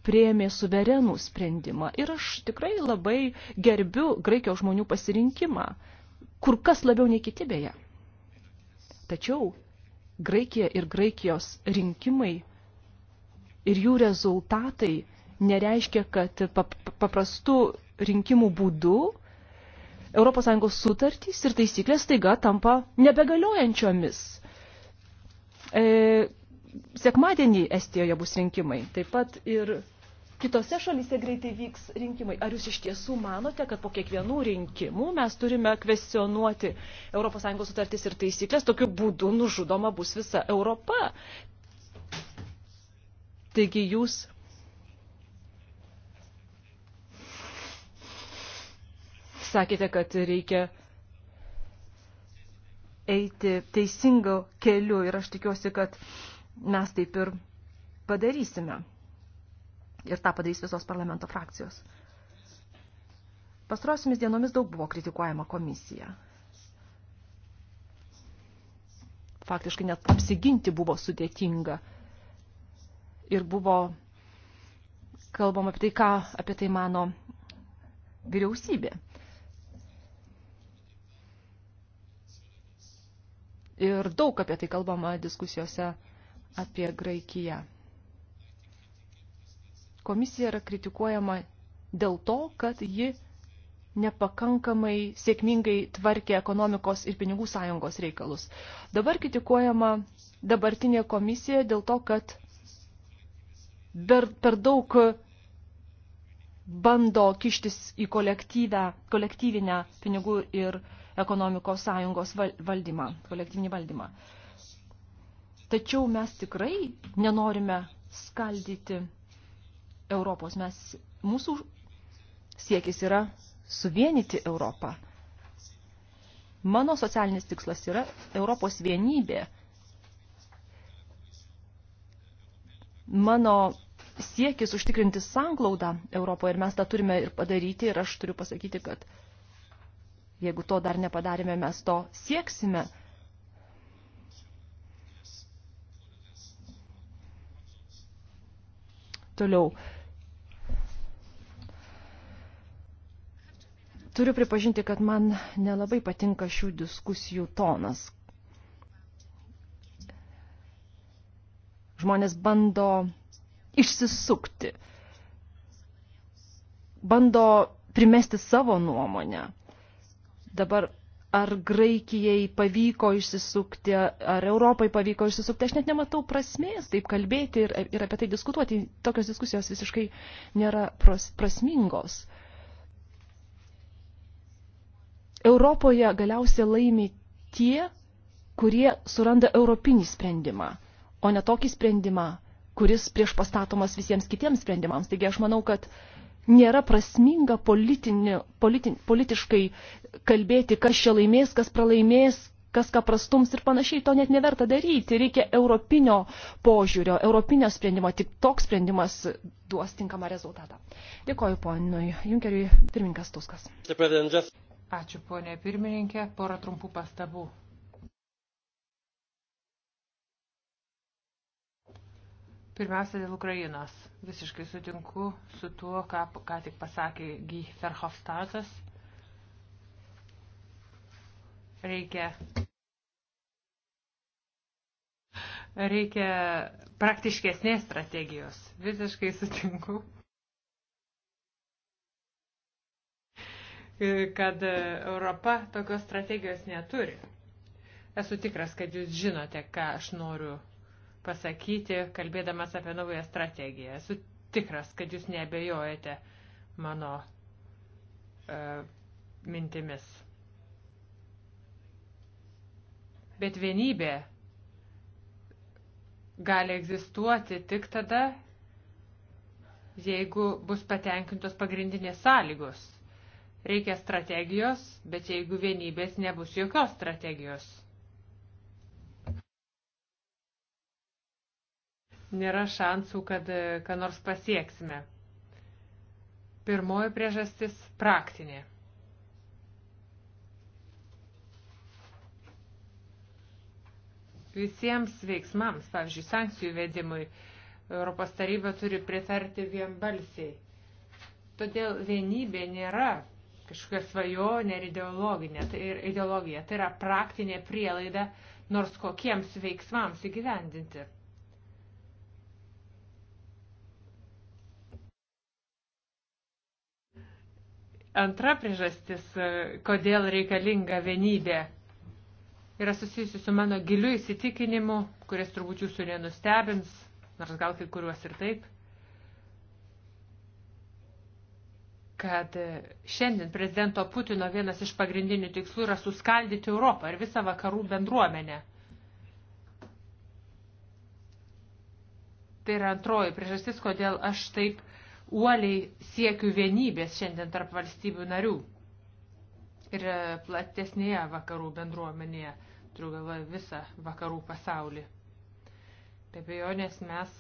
S4: prieėmė suverenų sprendimą ir aš tikrai labai gerbiu graikijos žmonių pasirinkimą, kur kas labiau nei kiti beje. Tačiau Graikija ir Graikijos rinkimai ir jų rezultatai nereiškia, kad paprastų rinkimų būdu ES sutartys ir taisyklės taiga tampa nebegaliojančiomis. E, sekmadienį Estijoje bus rinkimai, taip pat ir kitose šalyse greitai vyks rinkimai. Ar jūs iš tiesų manote, kad po kiekvienų rinkimų mes turime kvestionuoti ES sutartys ir taisyklės, tokiu būdu nužudoma bus visa Europa? Taigi jūs sakėte, kad reikia eiti teisingo keliu ir aš tikiuosi, kad mes taip ir padarysime. Ir tą padarys visos parlamento frakcijos. Pastrosiamis dienomis daug buvo kritikuojama komisija. Faktiškai net apsiginti buvo sudėtinga. Ir buvo kalbama apie tai, ką apie tai mano vyriausybė. ir daug apie tai kalbama diskusijose apie Graikiją. Komisija yra kritikuojama dėl to, kad ji nepakankamai sėkmingai tvarkė ekonomikos ir pinigų sąjungos reikalus. Dabar kritikuojama dabartinė komisija dėl to, kad per, per daug bando kištis į kolektyvinę pinigų ir ekonomikos sąjungos valdymą, kolektyvinį valdymą. Tačiau mes tikrai nenorime skaldyti Europos. Mes, mūsų siekis yra suvienyti Europą. Mano socialinis tikslas yra Europos vienybė. Mano siekis užtikrinti sanglaudą Europoje ir mes tą turime ir padaryti ir aš turiu pasakyti, kad Jeigu to dar nepadarėme, mes to sieksime. Toliau. Turiu pripažinti, kad man nelabai patinka šių diskusijų tonas. Žmonės bando išsisukti, bando primesti savo nuomonę dabar ar Graikijai pavyko išsisukti, ar Europai pavyko išsisukti, aš net nematau prasmės taip kalbėti ir, ir apie tai diskutuoti. Tokios diskusijos visiškai nėra pros, prasmingos. Europoje galiausiai laimi tie, kurie suranda europinį sprendimą, o ne tokį sprendimą, kuris prieš pastatomas visiems kitiems sprendimams. Taigi aš manau, kad uh, nėra prasminga politinė, politi, politiškai kalbėti, kas čia laimės, kas pralaimės, kas ką prastums ir panašiai, to net neverta daryti. Reikia europinio požiūrio, europinio sprendimo, tik toks sprendimas duos tinkamą rezultatą. Dėkoju ponui
S5: Junkeriui, pirmininkas Tuskas. Ačiū ponė pirmininkė, porą trumpų pastabų. Pirmiausia, dėl Ukrainos. Visiškai sutinku su tuo, ką, ką tik pasakė G. Ferhofstadtas. Reikia reikia praktiškesnės strategijos. Visiškai sutinku. Kad Europa tokios strategijos neturi. Esu tikras, kad jūs žinote, ką aš noriu pasakyti, kalbėdamas apie naują strategiją. Esu tikras, kad jūs nebejojate mano e, mintimis. Bet vienybė gali egzistuoti tik tada, jeigu bus patenkintos pagrindinės sąlygos. Reikia strategijos, bet jeigu vienybės nebus jokios strategijos. nėra šansų, kad e, ką nors pasieksime. Pirmoji priežastis - praktinė. Visiems veiksmams, pavyzdžiui, sankcijų vedimui, Europos taryba turi pritarti vienbalsiai. Todėl vienybė nėra kažkokia svajonė ar ideologinė, tai ir ideologija, tai yra praktinė prielaida nors kokiems veiksmams įgyvendinti. Antra priežastis, e, kodėl reikalinga vienybė, yra susijusi su mano giliu įsitikinimu, kuris turbūt jūsų nenustebins, nors gal kai kuriuos ir taip, kad e, šiandien prezidento Putino vienas iš pagrindinių tikslų yra suskaldyti Europą ir visą vakarų bendruomenę. Tai yra antroji priežastis, kodėl aš taip uh, uoliai siekiu vienybės šiandien tarp valstybių narių ir e, platesnėje vakarų bendruomenėje, turiu galvoje visą vakarų pasaulį. Be abejonės mes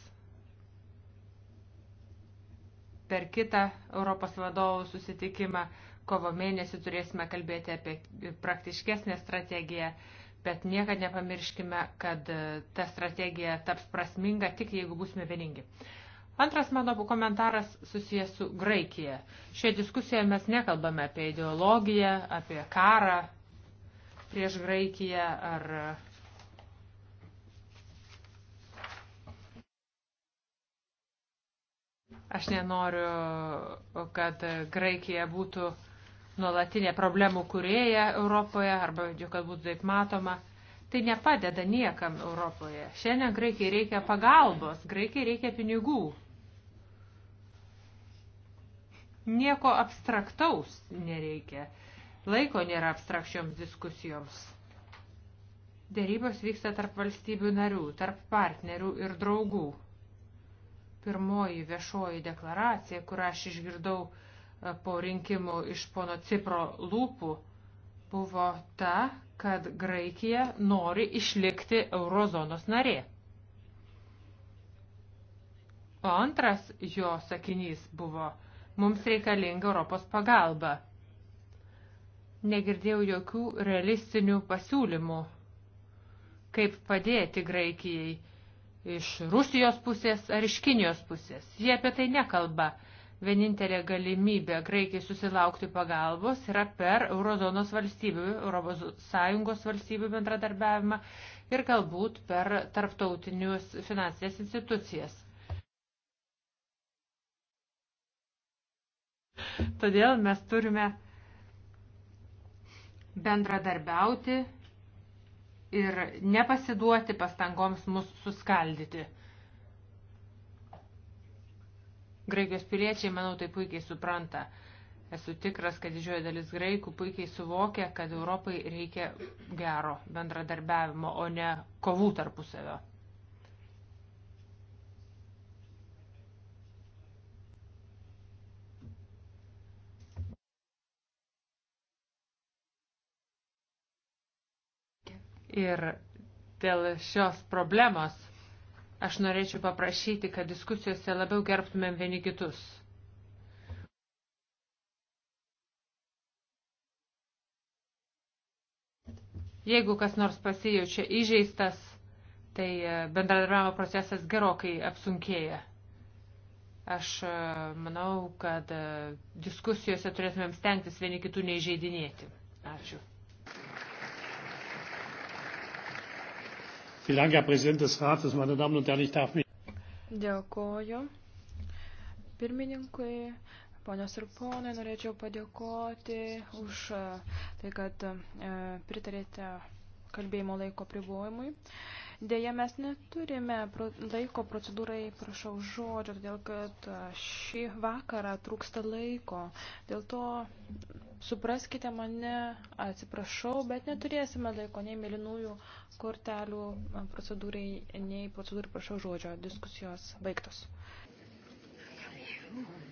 S5: per kitą Europos vadovų susitikimą kovo mėnesį turėsime kalbėti apie praktiškesnę strategiją, bet niekad nepamirškime, kad e, ta strategija taps prasminga tik jeigu būsime vieningi. Antras mano komentaras susijęs su Graikija. Šioje diskusijoje mes nekalbame apie ideologiją, apie karą prieš Graikiją ar Aš nenoriu, kad Graikija būtų nuolatinė problemų kurėja Europoje, arba jau kad būtų taip matoma. Tai nepadeda niekam Europoje. Šiandien Graikijai reikia pagalbos, Graikijai reikia pinigų. Nieko abstraktaus nereikia. Laiko nėra abstrakčioms diskusijoms. Dėrybos vyksta tarp valstybių narių, tarp partnerių ir draugų. Pirmoji viešoji deklaracija, kurią aš išgirdau e, po rinkimų iš pono Cipro lūpų, buvo ta, kad Graikija nori išlikti eurozonos narė. O antras jo sakinys buvo – Mums reikalinga Europos pagalba. Negirdėjau jokių realistinių pasiūlymų, kaip padėti Graikijai iš Rusijos pusės ar iš Kinijos pusės. Jie apie tai nekalba. Vienintelė galimybė Graikijai susilaukti pagalbos yra per Eurozonos valstybių, ES valstybių bendradarbiavimą ir galbūt per tarptautinius finansinės institucijas. Todėl mes turime bendradarbiauti ir nepasiduoti pastangoms mus suskaldyti. Graikijos piliečiai, manau, tai puikiai supranta. Esu tikras, kad didžioji dalis graikų puikiai suvokia, kad Europai reikia gero bendradarbiavimo, o ne kovų tarpusavio. Ir dėl šios problemos aš norėčiau paprašyti, kad diskusijose labiau gerbtumėm vieni kitus. Jeigu kas nors pasijaučia įžeistas, tai e, bendradarbiavimo procesas gerokai apsunkėja. Aš e, manau, kad e, diskusijose turėtumėm stengtis vieni kitų neižeidinėti. Ačiū.
S1: Dank, Herr Präsident des Rates, meine Damen und Herren, ich darf mich.
S6: Dėkoju. Pirmininkui, ponios ir ponai, norėčiau padėkoti už e, tai, kad e, pritarėte kalbėjimo laiko pribojimui. Dėja, mes neturime laiko procedūrai, prašau žodžio, todėl kad šį vakarą trūksta laiko. Dėl to supraskite mane, atsiprašau, bet neturėsime laiko nei mėlynųjų kortelių procedūrai, nei procedūrai, prašau žodžio, diskusijos baigtos. Thank you.